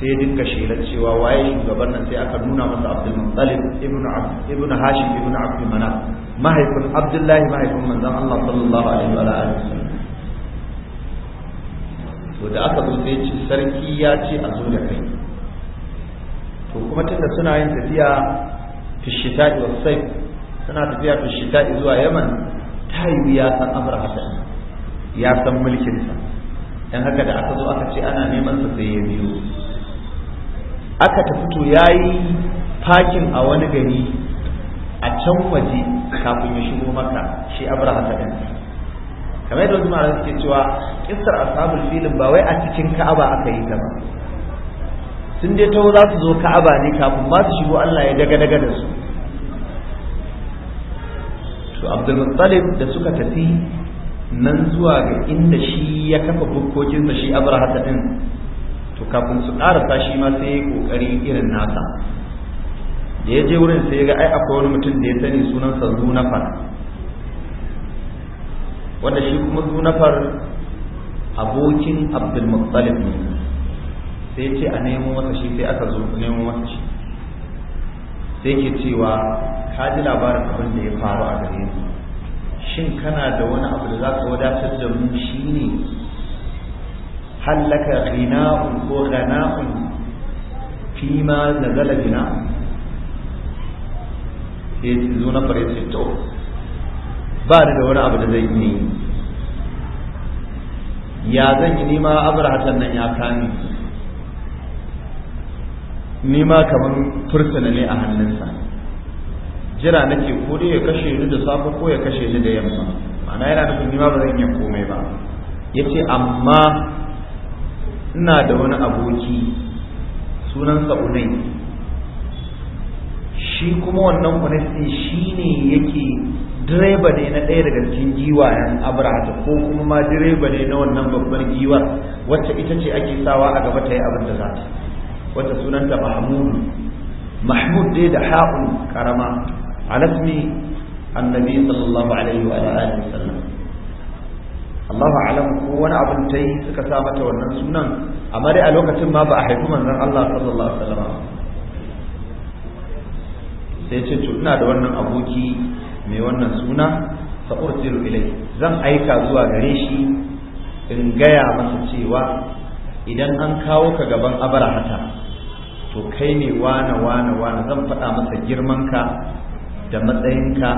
sai dinka shelar cewa waye shugaban nan sai aka nuna masa na ibn hashim ibn abd mana, mahaifin abdullahi mahaifin manzon Allah sallallahu alaihi wa alihi to da aka zo sai ce sarki ya ce a zo da kai to kuma tunda suna yin tafiya fi shita wa sai suna tafiya fi shita zuwa yaman ta yi ya san amra hasan ya san mulkin sa dan haka da aka zo aka ce ana neman sa sai ya biyo aka tafi to yayi fakin a wani gari a can waje kafin ya shigo maka shi abraha ta ɗan kamar yadda wasu ma'ana suke cewa a ashabul filin ba wai a cikin ka'aba aka yi ta ba sun dai taho za su zo ka'aba ne kafin ba su shigo Allah ya daga daga da su to abdulmuttalib da suka tafi nan zuwa ga inda shi ya kafa bukkokin da shi abraha din to kafin su karasa shi ma sai ya kokari irin nasa da ya je wurin sai ya ga ai akwai wani mutum da ya sani sunansa zunafar wanda shi kuma zunafar abokin abdulmuttalib ne sai ce a nemo masa shi sai aka zo nemo masa shi sai ke cewa ka ji labarin abin da ya faru a gare ni shin kana da wani abu da za ka wadatar da mu shi ne hallaka ghina'un ko ghana'un fi ma nazala ya ce zo na fara ce to ba da wani abu da zai yi ya zan yi nima abrahatan nan ya kani ni ma kamar fursuna ne a hannunsa jira nake ko dai ya kashe ni da safe ko ya kashe ni da yamma ma'ana yana nufin ni ma ba zan iya komai ba yace amma ina da wani aboki sunansa unai shi kuma wannan kunasi shi ne yake direba ne na ɗaya daga cikin giwayen abrahata ko kuma ma direba ne na wannan babbar giwar wacce ita ce ake sawa a gaba ta yi abin da za ta wata sunanta mahmud mahmud dai da ha'un karama alasmi annabi sallallahu alaihi wa alihi wasallam Allah alam ko wani abin ta yi suka sa mata wannan sunan amma dai a lokacin ma ba a haifi manzon Allah sallallahu alaihi wasallam sai ce to ina da wannan aboki mai wannan suna fa ursilu ilai zan aika zuwa gare shi in gaya masa cewa idan an kawo ka gaban abarahata to kai ne wane wane wane zan faɗa masa girmanka da matsayinka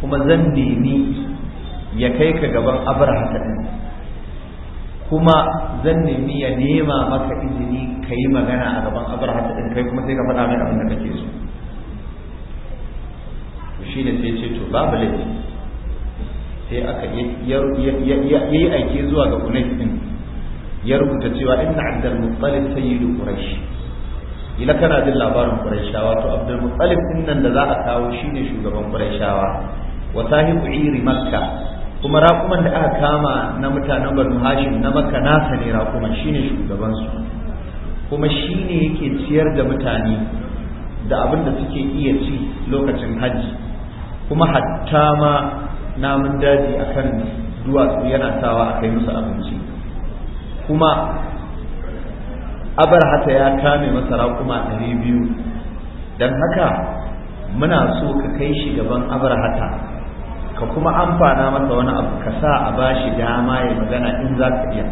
kuma zan nemi ya kai ka gaban abraha ɗin kuma zan nemi ya nema maka izini ka yi magana a gaban abraha ɗin kai kuma sai ka faɗa mai abin da kake so shi ne sai ce to babu laifi sai aka yi aiki zuwa ga kunai ɗin ya rubuta cewa inna abdul muttalib sayyidu quraish ila kana jin labarin quraishawa to abdul muttalib dinnan nan da za a kawo shine shugaban quraishawa wa sahib Uiri makka kuma raƙuman da aka kama na mutanen banu hashim na makka nasa ne raƙuman shine shugaban su kuma shine yake ciyar da mutane da abin da suke iya ci lokacin hajji kuma hatta ma namun daji akan duwatsu yana sawa a kai musu abinci kuma abarhata ya kame masara kuma ɗari biyu don haka muna so ka kai shi gaban abarhata ka kuma amfana masa wani abu ka sa a ba shi dama ya magana in za ka iya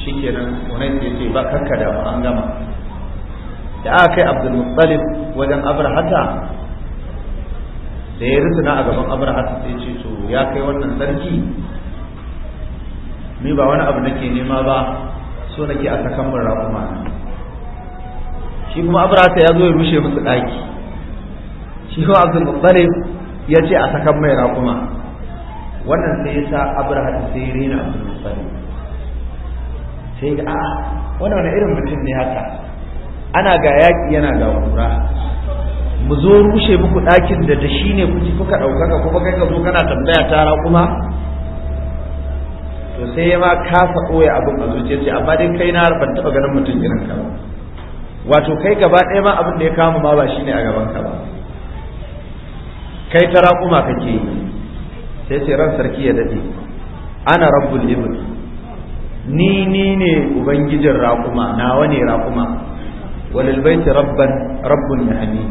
shi nan wani ya ce ba karka da an gama da aka kai abdulmuttalib wajen abarhata da ya rusuna a gaban abarhata sai ce to ya kai wannan sarki ni ba wani abu nake nema ba so nake a sakan mun raƙuma shi kuma abrata ya zo ya rushe musu ɗaki shi kuma abdul muttalib ya ce a sakan mai raƙuma wannan sai ya sa abraha sai rena abdul muttalib sai ga a wani wani irin mutum ne haka ana ga yaƙi yana ga kura mu zo rushe muku ɗakin da da shi ne kuka ɗaukaka kuma kai ka zo kana tambaya ta raƙuma to sai ya ma kasa ɓoye abin a zuciya ce amma dai kai na ban taɓa ganin mutum irin ka ba wato kai gaba ɗaya ma abin da ya kama ma ba shine a gaban ka ba kai ta raƙuma kake yi sai ce ran sarki ya daɗe ana rabbul ibn ni ni ne ubangijin raƙuma nawa ne raƙuma walil baiti rabban rabbun yahni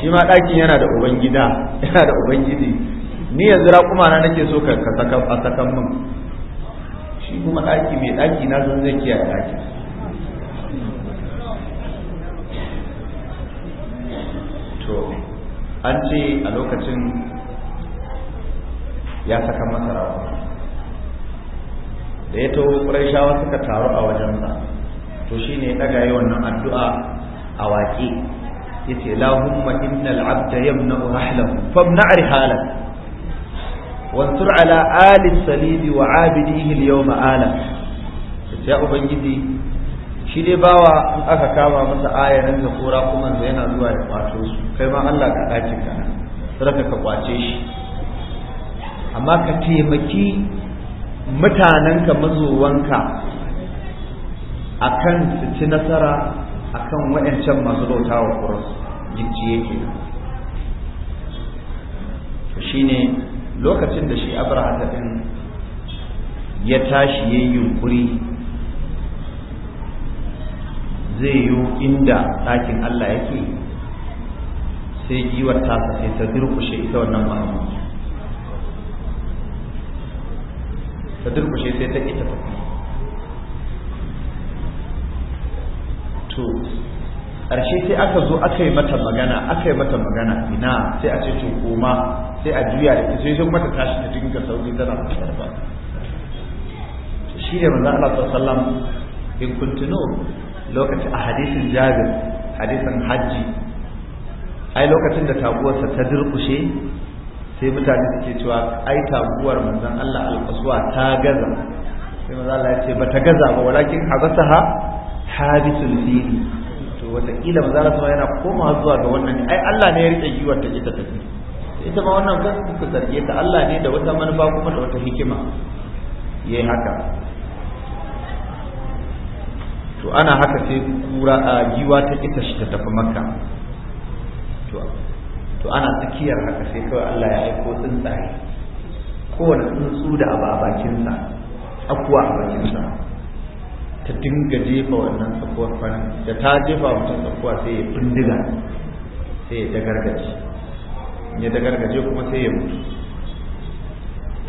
shi ma ɗakin yana da ubangida <laughs> yana da ubangiji ni yanzu raƙuma na nake so ka sakan min shi kuma ɗaki mai ɗaki na zan zai kiyaye ɗaki to an ce a lokacin ya saka masara da ya taho ƙuraishawa suka taru a wajen sa to shine ya ɗaga yi wannan addu'a a waƙe yace lahumma innal abda yamna'u ahlahu famna'ri halahu wansur ala ali salibi wa abidihi yau yawma ala ya ubangiji shi dai bawa in aka kama masa nan da kora kuma yana zuwa ya kwato su kai ma Allah ka dace ka raka ka kwace shi amma ka taimaki mutanenka mazowanka akan su ci nasara akan waɗancan masu bauta wa kuros yake ke shine lokacin da shi abraha din ya tashi yi yunkuri zai yi inda ɗakin Allah yake sai giwar tasa sai ta durkushe ita wannan mahimmi ta durkushe sai ta ita tafi to ƙarshe sai aka zo aka yi mata magana aka yi mata magana ina sai a ce to koma sai a juya da sai sun mata tashi tashi ta dinga sauri tana sarfa shi ne manzo Allah sallallahu alaihi in kuntuno lokaci a hadisin Jabir hadisin Hajji ai lokacin da taguwarsa ta durkushe sai mutane suke cewa ai taguwar manzon Allah alqaswa ta gaza sai manzo Allah ya ce bata gaza ba walakin habasaha hadisul fili to wata kila manzo Allah yana komawa zuwa ga wannan ai Allah ne ya rike giwar ta ita tafi ita ba wannan kan ku zarge ta Allah ne da wata manufa kuma da wata hikima yi haka to ana haka sai kura a giwa ta kita shi ta tafi makka to to ana tsakiyar haka sai kawai Allah ya aiko tsuntsaye kowane tsuntsu da abu a bakinsa akuwa a bakinsa ta dinga jefa wannan tsakuwar farin da ta jefa wata tsakuwa sai ya bindiga sai ya dagargaci ya dagargaje kuma sai ya mutu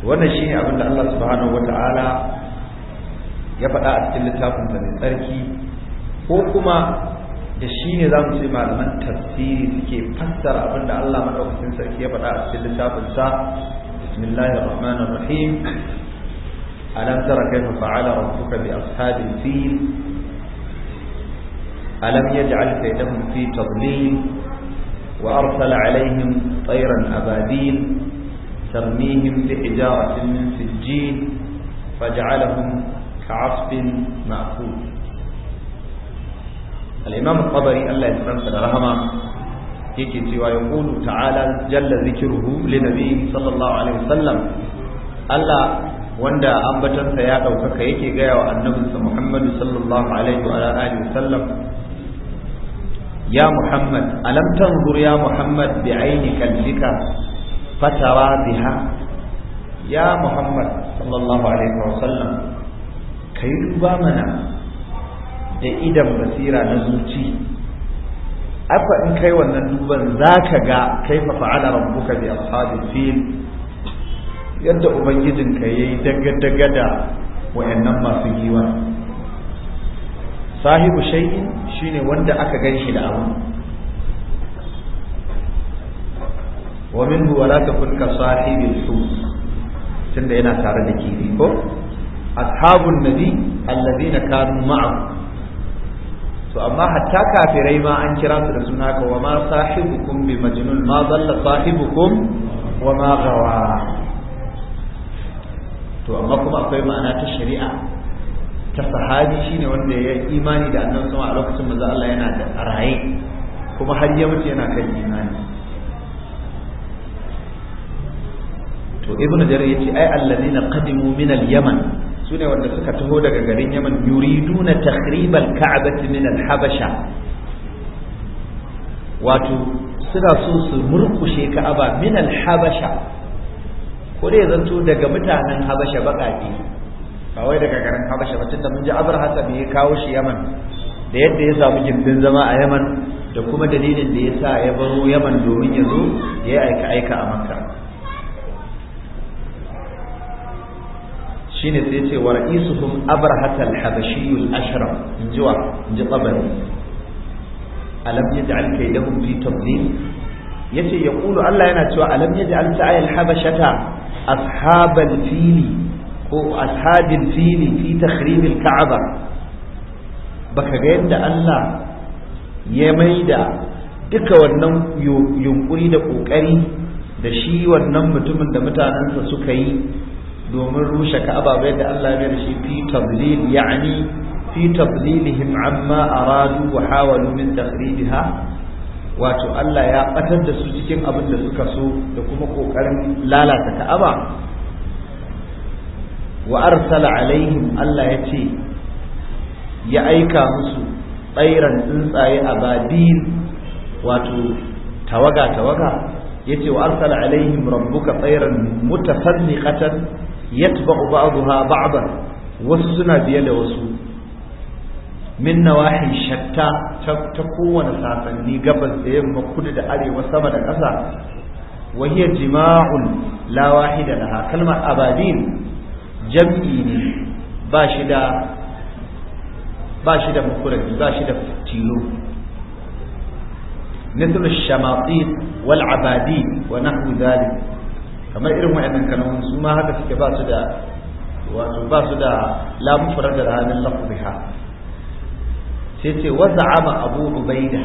wannan shi ne abinda Allah subhanahu wata'ala ya faɗa a cikin littafin mai tsarki ko kuma da shi ne za mu ce malaman tafsiri suke fassara abinda Allah maɗaukacin sarki ya faɗa a cikin littafin sa bismillahir rahmanir rahim alam tara kayfa fa'ala rabbuka bi ashabil fil alam yaj'al kaydahum fi tadlil وأرسل عليهم طيرا أبادين ترميهم بحجارة من سجين فجعلهم كعصف مأكول الإمام الطبري ألا يتمثل رحمه يكتي يقول تعالى جل ذكره لنبي صلى الله عليه وسلم ألا وندا أنبتن سياده فكيكي غير أن نبس محمد صلى الله عليه وآله وسلم ya muhammad alam ya muhammad bi aini kallika fatara biha ya muhammad sallallahu alaihi wasallam kai duba mana da idon basira na zuci afa in kai wannan duban za ka ga kaifa fa'ala rabbuka bi ashabil fil yadda ubangijinka yayi daga-daga da wayannan masu giwa sahibu shay'in shine wanda aka gan shi da abu wa minhu wala takun ka sahibil hut tunda yana tare da kifi ko ashabun nabi alladhina kanu ma'a. to amma hatta kafirai ma an kira su da suna ka wa ma sahibukum bi majnun ma dalla sahibukum wa ma gawa to amma kuma akwai ma'ana ta shari'a ta sahabi ne wanda ya yi imani da annan sama a lokacin maza Allah yana da raye kuma har ya mutu yana kan imani to ibnu jarir ce ai alladhina qadimu min al-yaman sune wanda suka taho daga garin yaman yuriduna takhrib al-ka'bati min al-habasha wato suna so su murkushe ka'aba min habasha ko dai zanto daga mutanen habasha baƙaƙe ba wai daga garin habasha ba tunda mun ji abraha ta ya kawo shi yaman da yadda ya samu gindin zama a yaman da kuma dalilin da ya sa ya baro yaman domin ya zo ya aika aika a makka ne sai ce wa ra'isuhum abrahat al-habashi al-ashraf injiwa inji qabari alam da kaydahum fi tadlil yace yaqulu Allah yana cewa alam yaj'al ta'al habashata ashabal fili ko ashabin fili fi takhribil ka'aba baka ga yadda Allah ya maida duka wannan yunkuri da kokari da shi wannan mutumin da mutanensa suka yi domin rushe ka'aba bai da Allah ya shi fi tablil ya'ni fi tablilihim amma aradu wa hawalu min takhribiha wato Allah ya batar da su cikin abin da suka so da kuma ƙoƙarin lalata ka'aba wa arsala alaihim Allah ya ce ya aika musu tsairan tsuntsaye a badin wato tawaga tawaga ya ce wa arsala alaihim rabbuka tsairan mutafarriqatan yatba'u ba'daha ba'dan wasu suna biye da wasu min nawahi shatta ta kowane sasanni gabas da yamma kudu da arewa sama da ƙasa wahiyar jima'un lawahi da laha kalmar abadin jam'i ne ba shi da ba ba shi da tilo nisr shamatin wal wa nahwu zali kamar irin wayannan kalmomin su ma haka suke ba su da wato ba su da la da ranin lafziha sai ce wa za'ama abu ubaida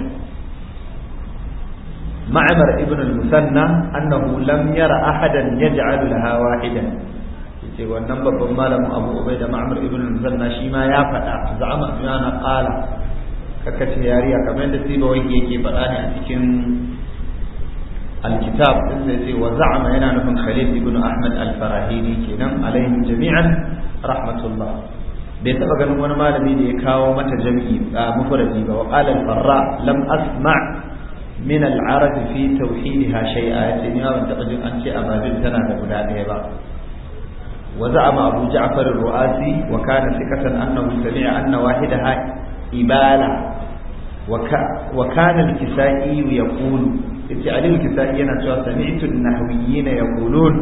ma'amar ibn musanna annahu lam yara ahadan yaj'alu laha wahidan sai wannan babban malamin abu ubai da ma'amur ibn zanna shi ma ya faɗa za'ama na qala kaka ce yariya kamar yadda ba wani yake faɗa ne a cikin alkitab din sai ce wa za'ama yana nufin khalil ibn ahmad al-farahidi kenan alaihim jami'an rahmatullah bai taba ganin wani malami da ya kawo mata jami'i a mufradi ba wa qala al-farra lam asma' min al fi tawhidha shay'a yace ni ban taba jin an ce ababin tana da guda ɗaya ba وزعم أبو جعفر الرؤاسي وكان ثقة أنه سمع أن واحدها إبالة وك وكان الكسائي يقول اتعلم الكسائي أنا سمعت النحويين يقولون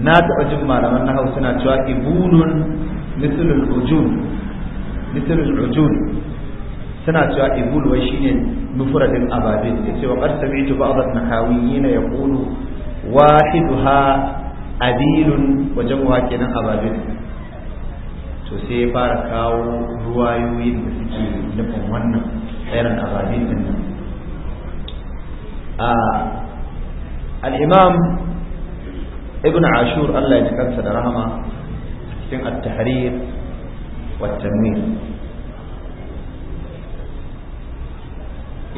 نات أجمع لما أنه سنة إبول مثل الأجون مثل العجون سنة إبول وشين مفرد الأبابين يقول وقد سمعت بعض النحويين يقول واحدها abilun wajen wake nan ababil to sai ya fara kawo ruwayoyin da suke nufin wannan tsayin ababil din nan ah, al-imam ibn ashur Allah ya kansa da rahama cikin at-tahrir wa at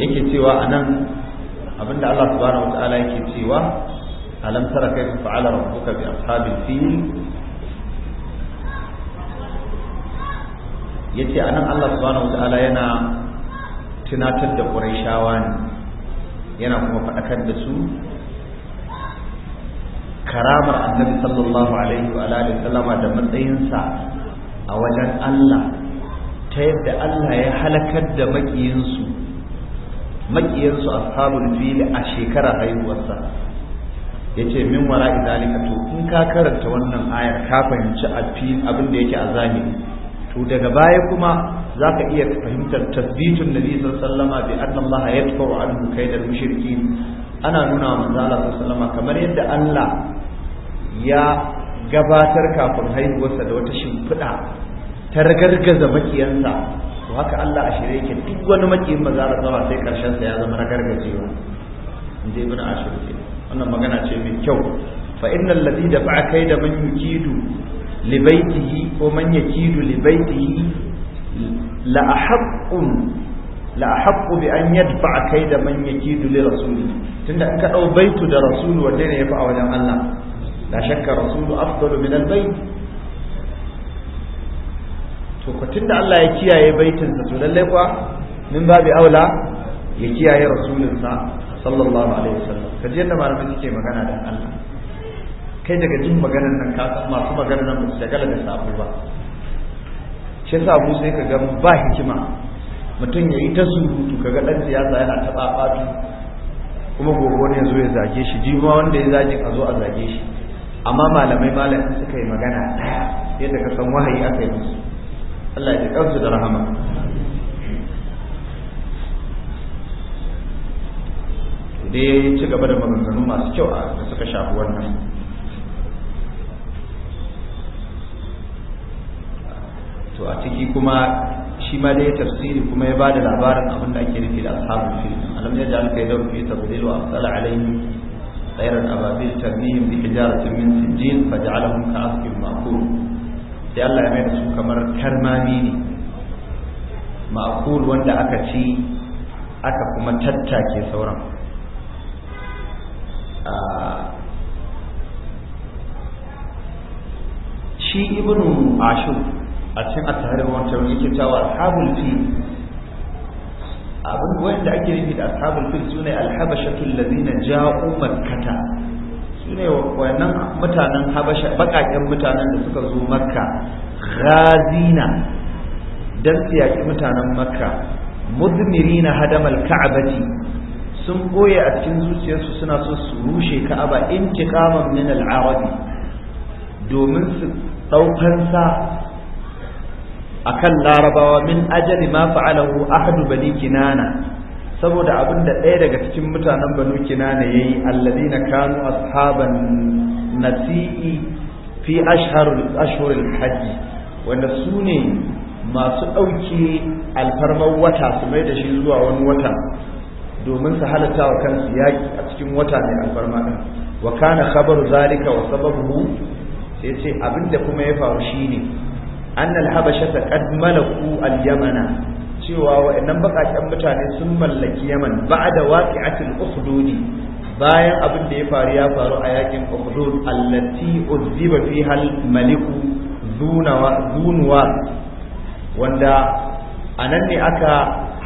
yake cewa anan abinda Allah subhanahu wa ta'ala yake cewa alam tara kaifa fa'ala rabbuka bi ashabil fil yace anan Allah subhanahu yana tunatar da Qurayshawa ne yana kuma faɗakar da su karamar annabi sallallahu alaihi wa sallama da matsayinsa a wajen Allah ta yadda Allah ya halakar da maƙiyansu makiyinsu ashabul fil a shekarar haihuwarsa yace min wara idalika to in ka karanta wannan ayar ka fahimci abin da yake a zahiri to daga baya kuma zaka iya fahimtar tasbitun nabi sallallahu alaihi bi anna allaha yadfa'u anhu mushrikin ana nuna manzo Allah sallallahu kamar yadda Allah ya gabatar kafin haihuwarsa da wata shimfiɗa ta ragargaza makiyansa to haka Allah a shirye yake duk wani makiyin manzo zama sai karshen sa ya zama ragargajewa inda ibnu ashur wannan magana ce mai kyau fa innal ladhi dafa'a kaida man yukidu li baitihi ko man yakidu li baitihi la ahaqqun la ahaqqu bi an yadfa'a kaida man yakidu li rasuli tunda in ka dau baitu da rasul wanda ne yafi a wajen Allah la shakka rasulu afdalu min al bait to ko tunda Allah ya kiyaye baitinsa to lallai kuwa, min babu aula ya kiyaye rasulinsa sallallahu alaihi wasallam ka yadda malamai suke magana da Allah kai daga jin maganar nan ka masu maganar nan musu shagala da sabu ba shi yasa mu sai ka ga ba hikima mutum yayi ta surutu kaga dan siyasa yana ta babatu kuma gobe wani ya zo ya zage shi ji wanda ya zage a zo a zage shi amma malamai malamin suka yi magana daya yadda ka san wahayi aka yi musu Allah ya ji da rahama da ya ci gaba da maganganu masu kyau a, da suka shafi wannan to a ciki kuma shi ma da tafsiri kuma ya bada labarin abin da ake nufi da ashabul fil alam ya ja'al kai dawfi tabdil wa afsala غير الأبابيل ترميهم بحجارة من سجيل فجعلهم كعصف مأكول sai Allah ya mai da su kamar karmami ne ma'akul wanda aka ci aka kuma tattake sauran shi ibn ashur a cikin attaharin wancan yake cewa ashabul fi abin wanda ake nufi da ashabul fi sune alhabashatul ladina ja'u makkata sune wayannan mutanen habasha bakakken mutanen da suka zo makka ghazina dan siyaki mutanen makka mudmirina hadamal ka'bati sun ɓoye a cikin zuciyarsu suna so su rushe ka'aba intiqaman min al domin su daukan sa akan larabawa min ajali ma fa'alahu ahadu bani kinana saboda abin da ɗaya daga cikin mutanen banu kinana yayi na kanu ashaban nasi'i fi ashurin hajji wanda su ne masu ɗauke alfarmar wata su mai da shi zuwa wani wata domin su halatta wa kansu yaki a cikin wata mai alfarma din wa kana khabaru zalika wa sababuhu sai ce abinda kuma ya faru shine An al-habasha qad malaku al cewa wa'annan bakaken mutane sun mallaki yaman ba'da waqi'atil ukhdudi bayan abin da ya faru ya faru a yakin ukhdud allati uzziba fiha maliku zunawa wanda anan ne aka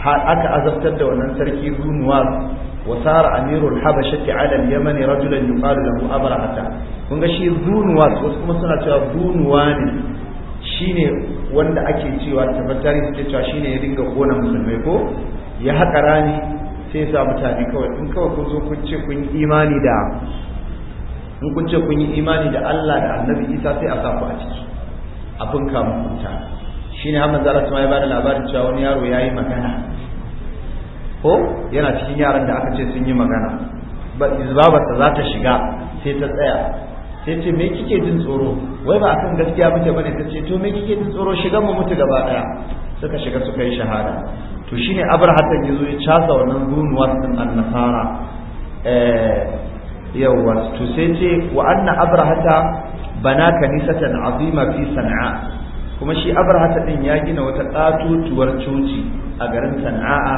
aka azabtar da wannan sarki wa wasara amirul habasha ta al-yaman rajulan yuqalu lahu abrahata kun ga shi zunuwas wasu kuma suna cewa ne shine wanda ake cewa tabbatari suke cewa shine ya dinga kona musulmai ko ya haƙa rani sai ya sa mutane kawai in kawai kun zo kun ce kun yi imani da in kun ce kun yi imani da Allah da Annabi Isa sai a sa ku a ciki abin kamun mutane shine har manzo Allah ya bada labarin cewa wani yaro yayi magana ko yana cikin yaran da aka ce sun yi magana ba ta za ta shiga sai ta tsaya sai ce me kike jin tsoro wai ba akan gaskiya muke bane ta ce to me kike jin tsoro shigan mu mutu gaba daya suka shiga suka yi shahada to shine abrahatan yazo ya casa wannan gunuwa din annasara eh yawa to sai ce wa anna abrahata bana kanisatan azima fi sana'a kuma shi abraha din ya gina wata katotuwar coci a garin sana'a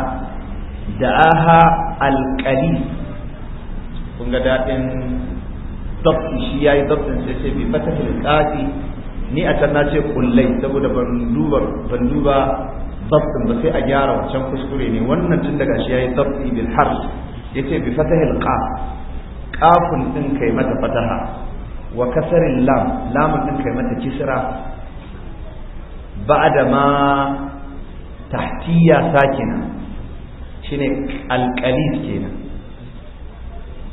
da aha alƙali. kun ga daɗin dabti shi ya yi dabtin sai sai bi fata filƙaɗi ni a can na ce ƙullai saboda ban duba ban dabtin ba sai a gyara wancan kuskure ne wannan tun daga shi ya yi dabti bil har ya ce bi fata hilƙa Ƙafun ɗin kai mata fataha wa kasarin lam lamun ɗin kai mata kisra ba'da ma tahtiya sakina shine alqalis kenan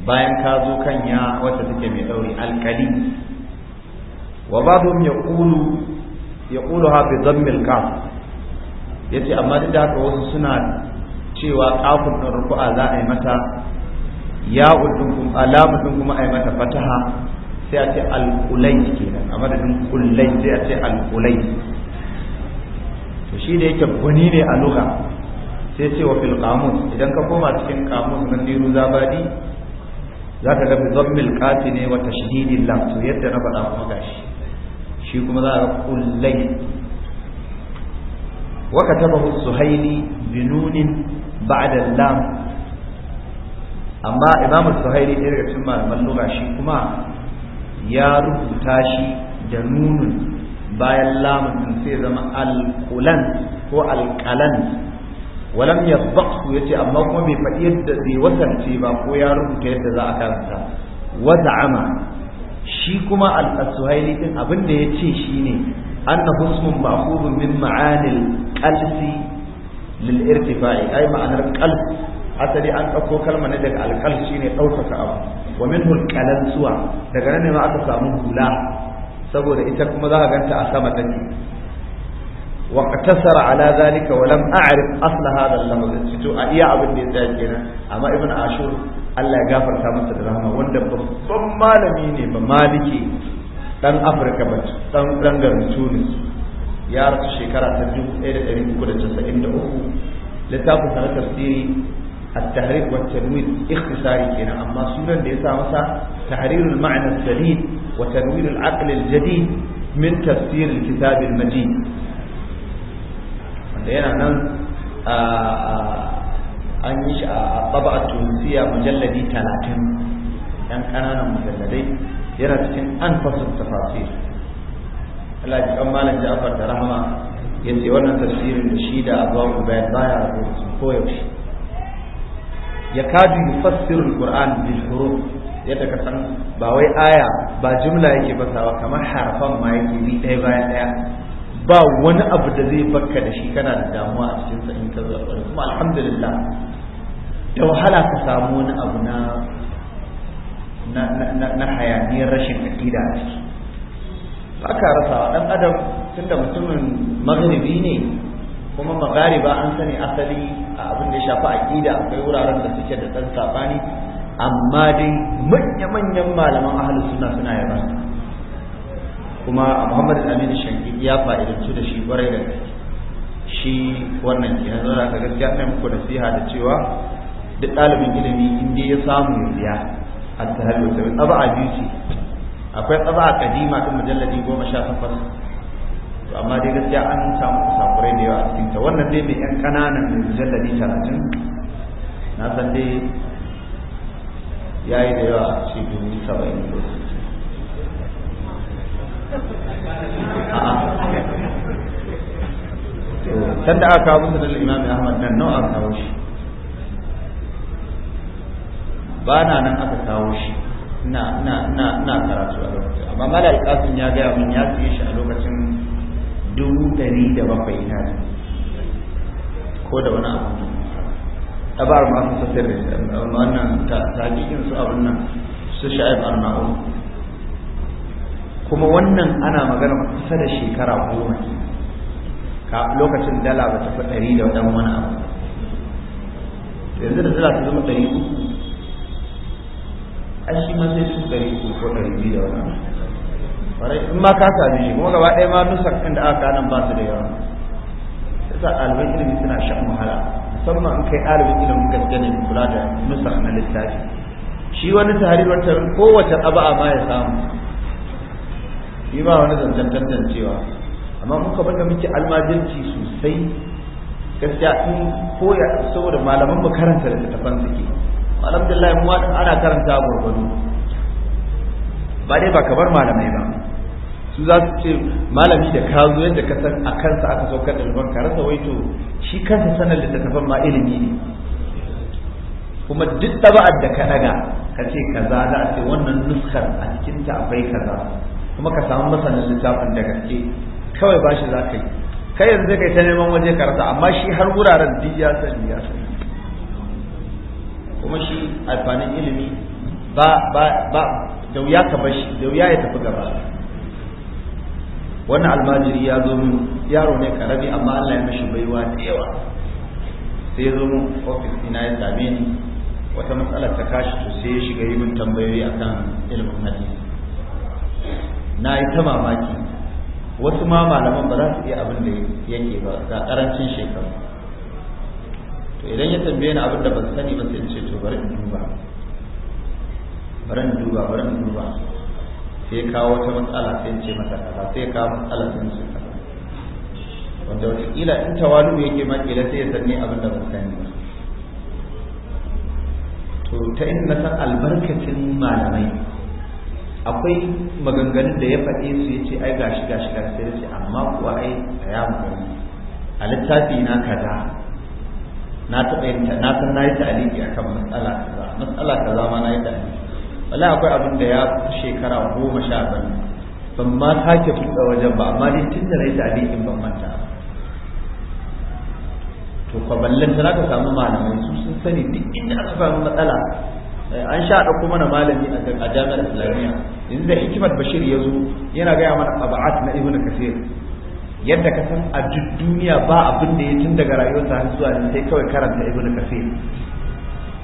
bayan ka zo kan ya wata take mai dauri alqalis wa ba'dhum yaqulu yaquluha bi dhammi alqaf yace amma da haka wasu suna cewa kafin din ruku'a za a yi mata ya udun kuma alamun kuma a yi mata fataha sai a ce alqulai kenan da madadin kullai sai a ce alqulai to shi da yake gwani ne a luka sai ce wa fil idan ka koma cikin kamu na liru zabadi zaka ga bi dhammil qati ne wa tashdidil lamsu yadda na faɗa kuma gashi shi kuma za ga kullai wa taba suhaili bi binunin ba'adar lam amma imamu suhaili ɗaya daga cikin malaman shi kuma ya rubuta shi da nunin? bayan lamun din sai zama alkulan ko alkalan walam ya yace amma kuma bai faɗi yadda zai wasarci ba ko ya rubuta yadda za a karanta wata'ama shi kuma al-suhaili din abin da ya yace shine annahu ismun ma'khudun min ma'anil qalbi lil irtifai ai ma'anar qalb asali an ɗauko kalma ne daga alƙal shine ɗaukaka abu wa minhu alƙalansuwa daga nan ne ma aka samu hula saboda ita kuma za a ganta a sama take wa qtasara ala zalika wa lam a'rif asla hadha al-lafz to a iya abin da ya tsaya kenan amma ibn ashur Allah ya gafarta masa da rahama wanda babban malami ne ba maliki dan afirka ba dan dan garin tunis ya rasu shekara ta 1393 littafin sa na tafsiri التحرير والتنوير اختصاري كنا أما سنة ليس مسا تحرير المعنى السليم وتنوير العقل الجديد من تفسير الكتاب المجيد لأن أنا an yi shi a taba tunisiya mujalladi talatin yan ƙananan mujalladai yana cikin an fasar kan malam Ja'far da ya yace wannan tafsirin da da Abu Ubayd baya rubutu koyaushe kadu yufassiru alquran bil huruf yadda ka san ba wai aya ba jumla yake basawa kamar harfan ma yake bi ɗaya bayan ɗaya ba wani abu da zai bakka da shi kana da damuwa a cikin sa in ka zo kuma alhamdulillah da wahala ka samu wani abu na na hayaniyar rashin aƙida a ciki ba ka rasa ɗan adam tunda mutumin maghribi ne kuma magariba an sani asali a abin da ya shafi aqida akwai wuraren da suke da dan sabani amma dai manya-manyan malaman ahli suna suna yaba kuma a muhammad amin shanki ya fa'idantu da shi kwarai da shi wannan ke yanzu da ka gaskiya ina muku nasiha da cewa duk ɗalibin ilimi inda ya samu ya biya a tsahar da tsaba a biyu ce akwai tsaba a kadima ɗin mujalladi goma sha takwas to amma dai gaskiya an samu safurai da yawa a cikin ta wannan dai mai yan kananan mai mujalladi talatin na san dai yayi da yawa a cikin dubu saba'in ko can da aka kawo musu da imam ahmad nan nawa aka kawo shi ba na nan aka kawo shi na ina ina karatu a lokacin amma malar kasim ya gaya min ya fiye shi a lokacin dubu ɗari da bakwai na ko da wani abu tabar masu da wannan tajikin su abin nan su sha'ib arna'u kuma wannan ana magana kusa da shekara goma ka lokacin dala ba ta ɗari da wadan wani abu yanzu da dala su zama ɗari uku an shi ma sai su ɗari uku ko ɗari biyu da wani abu in ma ka sami shi kuma gaba ɗaya ma nusak ɗin da aka kanan ba su da yawa sa ɗaliban ilimi suna shan wahala musamman in kai ɗalibin ilimin gaske ne kula da nusa na littafi shi wani tahrir wata kowace ɗaba'a ma ya samu shi ba wani zancen tantancewa amma muka bada miki almajirci sosai gaskiya in koya saboda malaman mu karanta littattafan suke alhamdulillah mu ana karanta gurgudu ba dai ba kamar malamai ba su za su ce malami da ka zo yadda ka san a kansa aka saukar ɗaliban ka rasa waito shi kansa sanar da ta ma ilimi ne kuma duk taba'ar da ka daga ka ce ka za a ce wannan nuskar a cikin ta akwai kaza kuma ka samu masanin littafin da gaske kawai ba shi za ka yi kai yanzu zai kai ta neman waje ka rasa amma shi har wuraren duk ya sani ya sani kuma shi alfanin ilimi ba ba ba da wuya ka bashi da wuya ya tafi gaba wannan almajiri ya zo min yaro ne karami amma Allah ya mashi baiwa da yawa sai ya zo min ofis ina ya same ni wata matsalar ta kashi to sai ya shiga yi min tambayoyi akan ilimin hadisi na yi ta mamaki wasu ma malaman ba za su iya abin da yake ba ga karancin shekaru to idan ya tambaye ni abin da ban sani ba sai ce to bari in duba bari in duba bari in duba sai kawo wata matsala sai ce mata kaza sai kawo matsala sai ce kaza wanda wata kila in tawalu yake ma kila sai ya sanni abin da ba sani ba to ta inda san albarkacin malamai akwai maganganun da ya faɗe su ya ce ai gashi gashi gashi sai ce amma kuwa ai a ya mu a littafi na kaza na taɓa yin na san na yi ta'aliki akan matsala kaza matsala kaza ma na yi ta'aliki wala akwai abin da ya fi shekara goma sha biyar ban ma sake tuɗa wajen ba amma dai tun da na yi in ban manta ba to kwa ballan za ka samu malamai su sun sani duk inda aka samu matsala eh, an sha ɗauko mana malami a jami'ar islamiyya yanzu da hikimar bashir ya zo yana gaya mana abu'at na ibnu kasir yadda ka san a duk duniya ba abin da ya tun daga rayuwarsa har zuwa ne sai kawai karanta ibnu kasir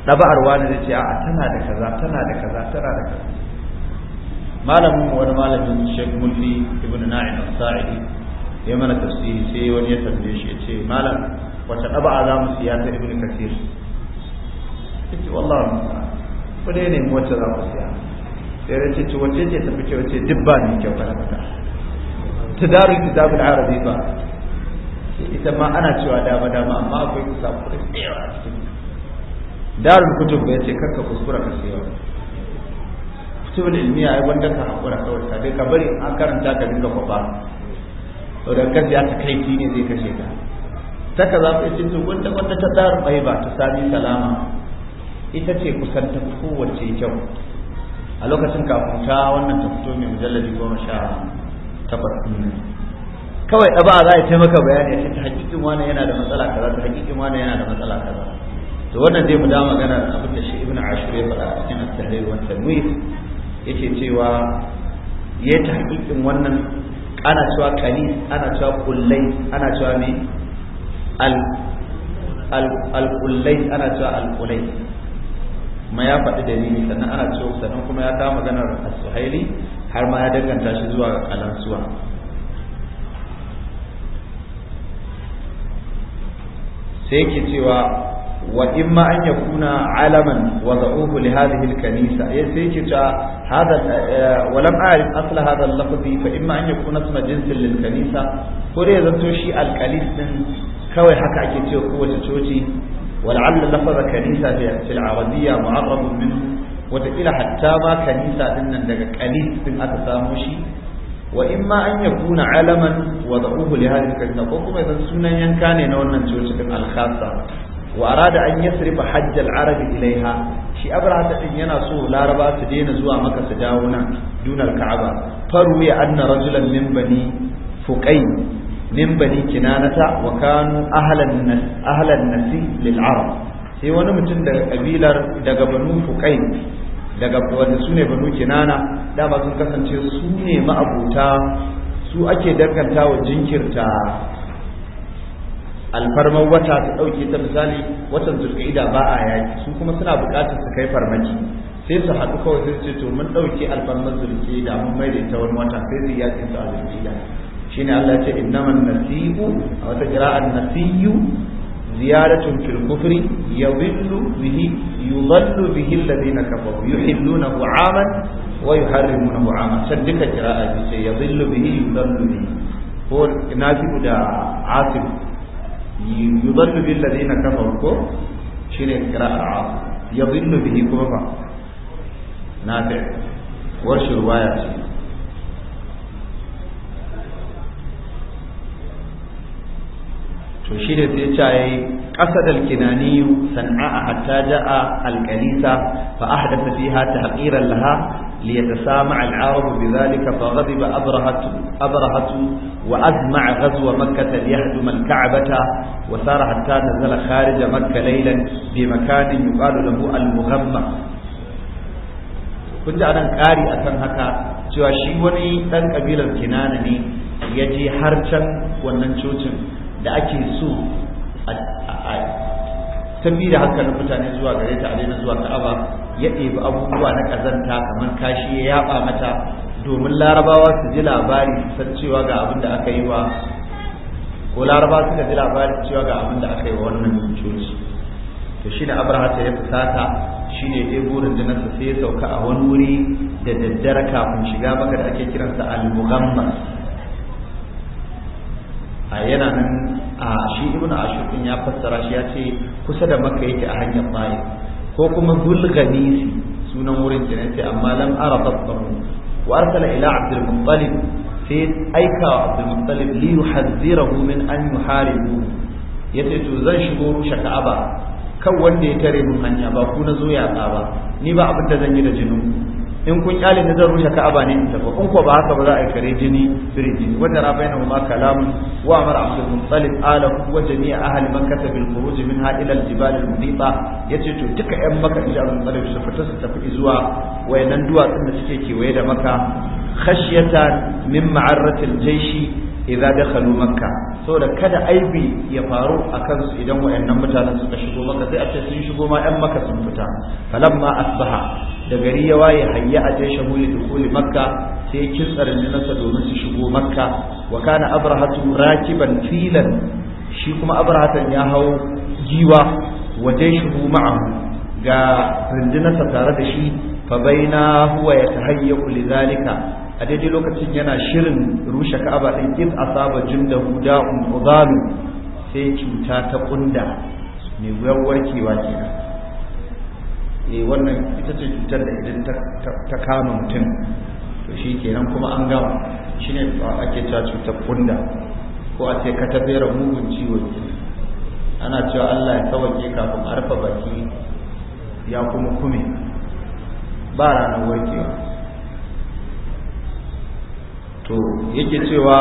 ɗaba'ar wani zai ce a tana da kaza tana da kaza tana da kaza malamin wani malamin shek mulki ibn na'im al saidi ya mana tafsiri sai wani ya tambaye shi ya ce malam Wata ɗaba'a za mu siya ta ibn kasir yace wallahi musa ku dai ne mu wacce za mu siya sai ya ce wacce ce tafi kyau ce duk ba ni kyau kana mata tidarul kitabul arabi ba ita ma ana cewa dama dama amma akwai kusa kuɗi tsayawa cikin darul kutub ya ce karka kuskura ka sayo ne ilmiya ai wanda ka hakura kawai ka dai ka bari an karanta ka dinga kwafa to da kaji kai ki ne zai kashe ka ta ka za ku ce wanda wanda ta dar bai ba ta sami salama ita ce kusan ta kowace kyau a lokacin kafin ta wannan ta fito mai mujalladi goma sha takwas kawai ɗaba za a taimaka bayani a cikin hakikin wani yana da matsala kaza ta hakikin wani yana da matsala kaza to wannan zai mu da magana abin da shi ibn ashur ya faɗa a cikin at-tahrir wa tanwir yake cewa ya tahqiqin wannan ana cewa kali ana cewa kullai ana cewa me al al kullai ana cewa al kullai ma ya faɗi ni sannan ana cewa sannan kuma ya ta magana as-suhaili har ma ya danganta shi zuwa ga kalansuwa sai yake cewa وإما أن يكون علما وضعوه لهذه الكنيسة يسيك هذا ولم أعرف أصل هذا اللفظ فإما أن يكون اسم جنس للكنيسة قولي إذا توشي الكنيسة كوي حكا أكيتي قوة توشي ولعل لفظ كنيسة في العربية معرب منه وتقيل حتى ما كنيسة إن كنيسة أتساموشي وإما أن يكون علما وضعوه لهذه الكنيسة قولكم إذا سنة ينكاني نونا توشي الخاصة wa arada an yasrifa hajjal arabi ilaiha shi abraha ɗin yana so laraba su daina zuwa maka su dawo nan dunar ka'aba faru ya anna rajulan min bani fuqai kinanata wa kanu ahlan nas ahlan nasi lil sai wani mutum daga kabilar daga banu fuqai daga wanda sune banu kinana dama sun kasance su ne ma'abuta su ake danganta wa jinkirta alfarman wata ta ɗauke ta misali watan zulqa'ida ba a yaki su kuma suna buƙatar su kai farmaki sai su haɗu kawai sai su ce to mun ɗauke alfarman zulqa'ida mun mai da wani wata sai su yaki su a zulqa'ida ne Allah ya ce man nasibu a wata qira'an nasiyu ziyaratun fil kufri yadhillu bihi yudhallu bihi alladhina kafaru yuhilluna bu'aman wa yuharrimuna bu'aman sai duka qira'a ce yadhillu bihi yudhallu bihi ko nasibu da asibu yudallu bil ladina kafaru ko shine qira'a yadillu bihi kuma ba nafi' warshi ruwaya to da sai ya yi ƙasa dalkinani sana'a a hatta ja'a alƙalisa fa a haɗa fi hata haƙiran laha li ya tasa ma'al arabu bi zalika fa gabi ba abrahatu wa azma a gazuwa makka ta liya haɗu zala kharija makka lailan bi makanin yi ƙwado da mu kun ji anan ƙari a kan haka cewa shi wani ɗan ƙabilar kinana ne ya je har can wannan cocin da ake so a da hankalin mutane zuwa gare ta alaina zuwa ka'aba ya ɗebi abubuwa na ƙazanta kamar kashi ya yaba mata domin larabawa su ji labari su san cewa ga abin da aka yi wa ko larabawa suka ji labarin cewa ga abin da aka yi wa wannan coci to shi ne abraha ta ya fusata shi ne ɗaya burin da nasa sai ya sauka a wani wuri da daddare kafin shiga maka da ake kiransa al-mughammas a yana nan a shi ibnu ashur ya fassara shi ya ce kusa da maka yake a hanyar mai ko kuma gulganisi sunan wurin kenan sai amma lam ara tasbahu wa arsala ila abdul muttalib sai aika wa abdul muttalib li yuhadhirahu min an yuharibu yace to zan shigo rushe ka'aba kan wanda ya tare mun hanya ba ku na zo yatsa ba ni ba abin da zan yi da jinin in kun kyale ne zan rushe ka'aba ne in tafi in ko ba haka ba za a yi kare jini firi jini wanda na bayyana ma kalamun wa amara abdul muttalib ala wa jami'a ahli makkah bil khuruj minha ila al jibal al mudita yace to duka yan makkah da abdul su fita su tafi zuwa wayannan duwatsun da suke kewaye da maka khashyata min ma'arratil jaishi idza dakhalu makka saboda kada aibi ya faru akan su idan wayannan mutanen suka shigo maka sai a ce sun shigo ma yan maka sun fita falamma asbaha da gari ya waye hayya a jaisha mu yadkhulu makka sai kintsar nasa domin su shigo makka wa kana abrahatu rakiban filan shi kuma abrahatan ya hau giwa wa jaishu ma'ahu ga rundunarsa tare da shi fa baina huwa yatahayyu lidhalika a daidai lokacin yana shirin rushe ka'aba din iz asaba jindahu da'un udalu sai cuta ta kunda mai wuyar kewa kenan eh wannan ita ce cutar da idan ta kama mutum to shi kenan kuma an gama shine ake ta cutar kunda ko a ce ka tafera mugun ciwo ana cewa Allah ya sauke kafin arfa baki ya kuma kume ba ranar warkewa to yake cewa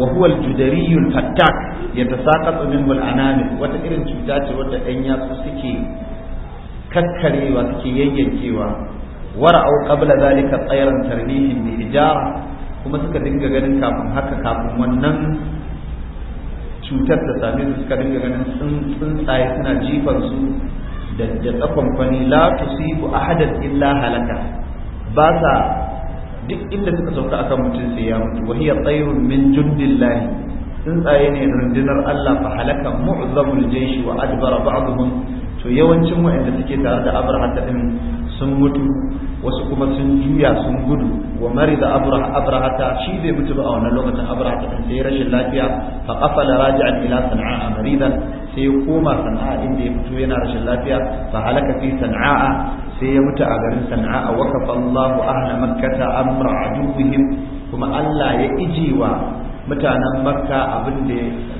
wa huwa al-judariyul fattak yatasaqatu min al wata irin cuta ce wadda ɗan yatsu suke kakkarewa suke yayyankewa au qabla zalika tsayran tarmihin bi hijara kuma suka dinga ganin kafin haka kafin wannan cutar da same suka dinga ganin sun tsaye suna jifar su da tsakon fani la tusibu ahadan illa halaka ba sa duk inda suka sauka akan mutum sai ya mutu wa hiya tsayrun min jundillahi tsuntsaye ne rundunar Allah fa halaka mu'zamul jaysh wa adbara ba'dhum to yawancin wa'anda suke tare da abrahata din sun mutu wasu kuma sun juya sun gudu wa marida abrahata shi bai mutu ba a wannan lokacin abrahata kan sai rashin lafiya fa qafala raji'an ila sana'a maridan sai ya koma sana'a inda ya fito yana rashin lafiya fa halaka fi sana'a sai ya mutu a garin sana'a wa kafa Allahu ahla makkata amra aduwwihim kuma Allah ya ijiwa mutanen makka abin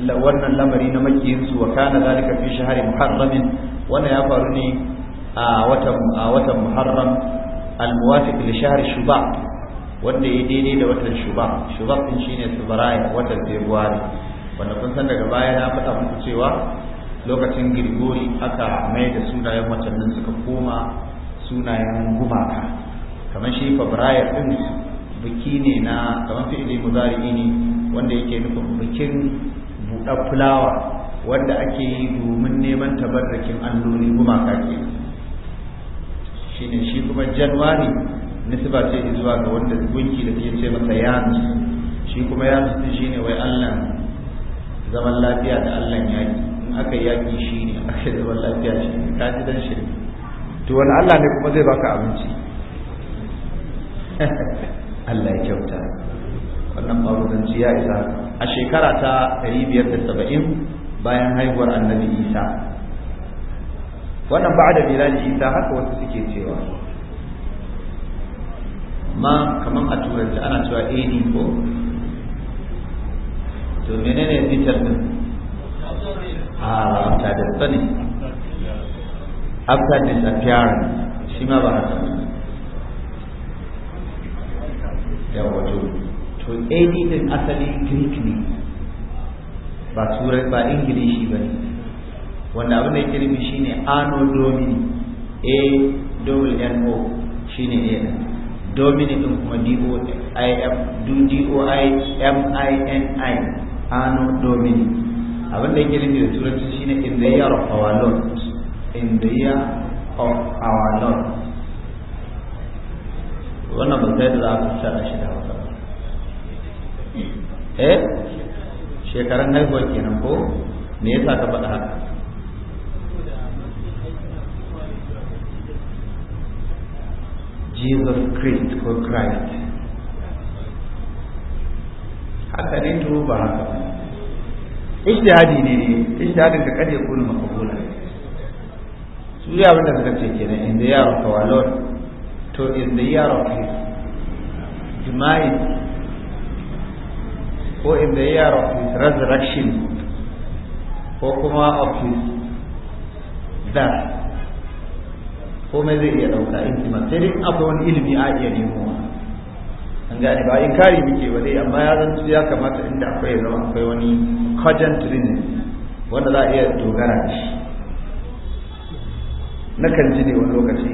da wannan lamari na makiyinsu wa kana zalika fi shahri muharramin wannan ya faru ne a watan watan Muharram al-muwafiq li shahr Shubab wanda ya daidai da watan Shubab Shubab din shine February watan February wanda kun san daga baya na faɗa muku cewa lokacin girgori aka mai da sunayen watannin suka koma sunayen gumaka kamar shi February din biki ne na kamar fi'ili mudari ne wanda yake nufin bikin buɗar fulawa wanda ake yi domin neman tabarrakin alloli gumaka ke shine shi kuma januwari nisba ce zuwa ga wanda gunki da ke ce masa yanus shi kuma shi shine wai Allah zaman lafiya da Allah yaki in aka yaki shine aka zaman lafiya shi ta ji dan shi to wani Allah ne kuma zai baka abinci <laughs> Allah ya kyauta wannan mawuzanci ya isa a shekara ta 570 bayan haihuwar annabi Isa wannan ba da miladi isa haka wasu suke cewa ma kamar a turanci ana cewa AD ko to menene fitar din ah, a ta da sani after disappearance shi ma ba haka da wato to AD din asali Greek ne ba turai ba Ingilishi ba ne wanda abin da ya yake shi ne ano domini a double n o shi ne ne da domini ɗin kuma d o i d o i m i n i ano domini abin da ya nufi da turanci ne in the year of our lord in the year of our lord wannan ba zai da za a fita shi da eh shekaran haihuwa kenan ko me yasa ka faɗa haka jesus christ ko christ haka ne to ba haka ba ijtihadi ne ijtihadi ka kare kunu makabula su ya wanda suka ce kenan in da yaro of our lord to in da yaro of his demise ko in da yaro of his resurrection ko kuma of his death komai zai iya ɗauka intimate sai dai akwai wani ilimi a iya nemowa an gane ba in kare muke ba dai amma ya zan ya kamata inda akwai zama akwai wani kajan reason wanda za a iya dogara da shi nakan ji ne wani lokaci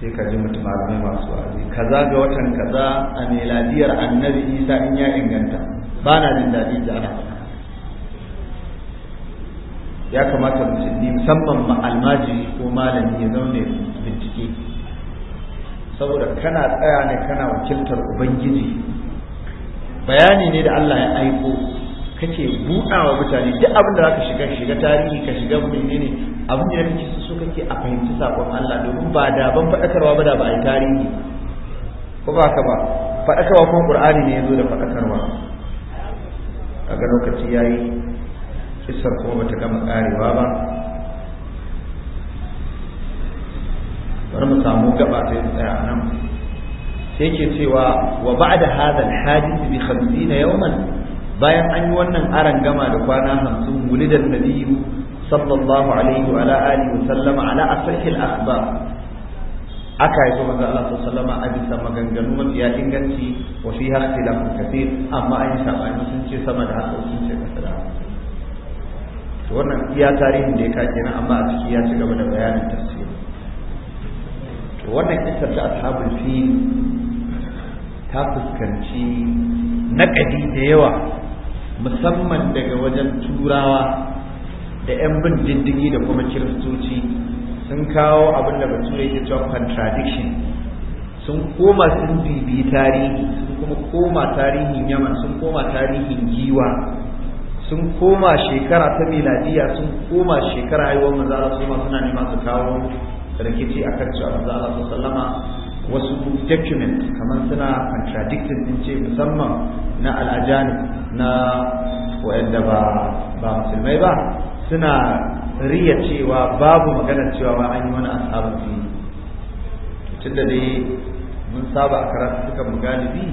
sai ka ji mutum malamai masu wa'azi kaza ga watan kaza a meladiyar annabi isa in ya inganta ba na jin daɗi da ana faɗa ya kamata musulmi musamman ma almajiri ko malami ya zaune bincike saboda kana tsaya ne kana wakiltar ubangiji bayani ne da Allah ya aiko kake buɗawa mutane duk abin da zaka shiga shiga tarihi ka shiga menene abin da kake so kake a fahimci sakon Allah domin ba da ban faɗakarwa ba da ba a tarihi ko ba ka ba faɗakarwa kuma Qur'ani ne ya zo da faɗakarwa kaga lokaci yayi isar kuma bata gama karewa ba bari mu samu gaba sai tsaya nan sai ke cewa wa ba'da hadha al-hadith bi 50 yawman bayan an yi wannan aran gama da kwana hamsin wuli da nabiyyu sallallahu alaihi wa ala alihi wa sallama ala asrihil akhbar aka yi manzo Allah sallallahu alaihi wa sallama maganganu mafi ya inganci wa fi ikhtilaf kathir amma an yi sabani sun ce sama da haka sun ce kasa da haka to wannan iya tarihin da ya kake kenan amma a ciki ya ci gaba da bayanin tafsiri to wannan kisar ta ashabul fil ta fuskanci naƙadi da yawa musamman daga wajen turawa da 'yan bin diddigi da kuma kiristoci sun kawo abin da bature yake cewa contradiction sun koma sun bibi tarihi sun kuma koma tarihin yaman sun koma tarihin giwa sun koma shekara ta miladiya sun koma shekara haihuwar manzo Allah su suna nema su kawo rikici akan cewa manzo Allah su sallama wasu document kamar suna contradicting din ce musamman na al'ajani na wa'anda ba ba musulmai ba suna riya cewa babu magana cewa ba an yi wani ashabu tunda dai mun saba a karatu suka mu galibi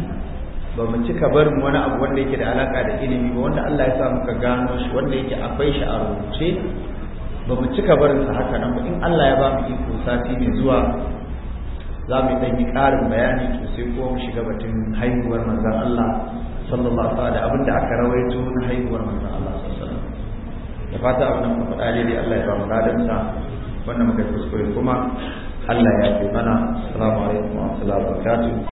ba mu cika mu wani abu wanda yake da alaka da ilimi ba wanda Allah ya sa muka gano shi wanda yake akwai shi a rubuce ba mu cika barin sa haka nan ba in Allah ya ba mu iko sati mai zuwa za mu ɗan yi ƙarin bayani to sai kuma mu shiga batun haihuwar manzon Allah sallallahu alaihi da sallam, da aka rawaito na haihuwar manzon Allah sallallahu alaihi da fata abin da muka faɗa dai Allah ya ba mu ladan sa wannan muka kuskure kuma Allah ya yi mana assalamu alaikum wa rahmatullahi wa barakatuh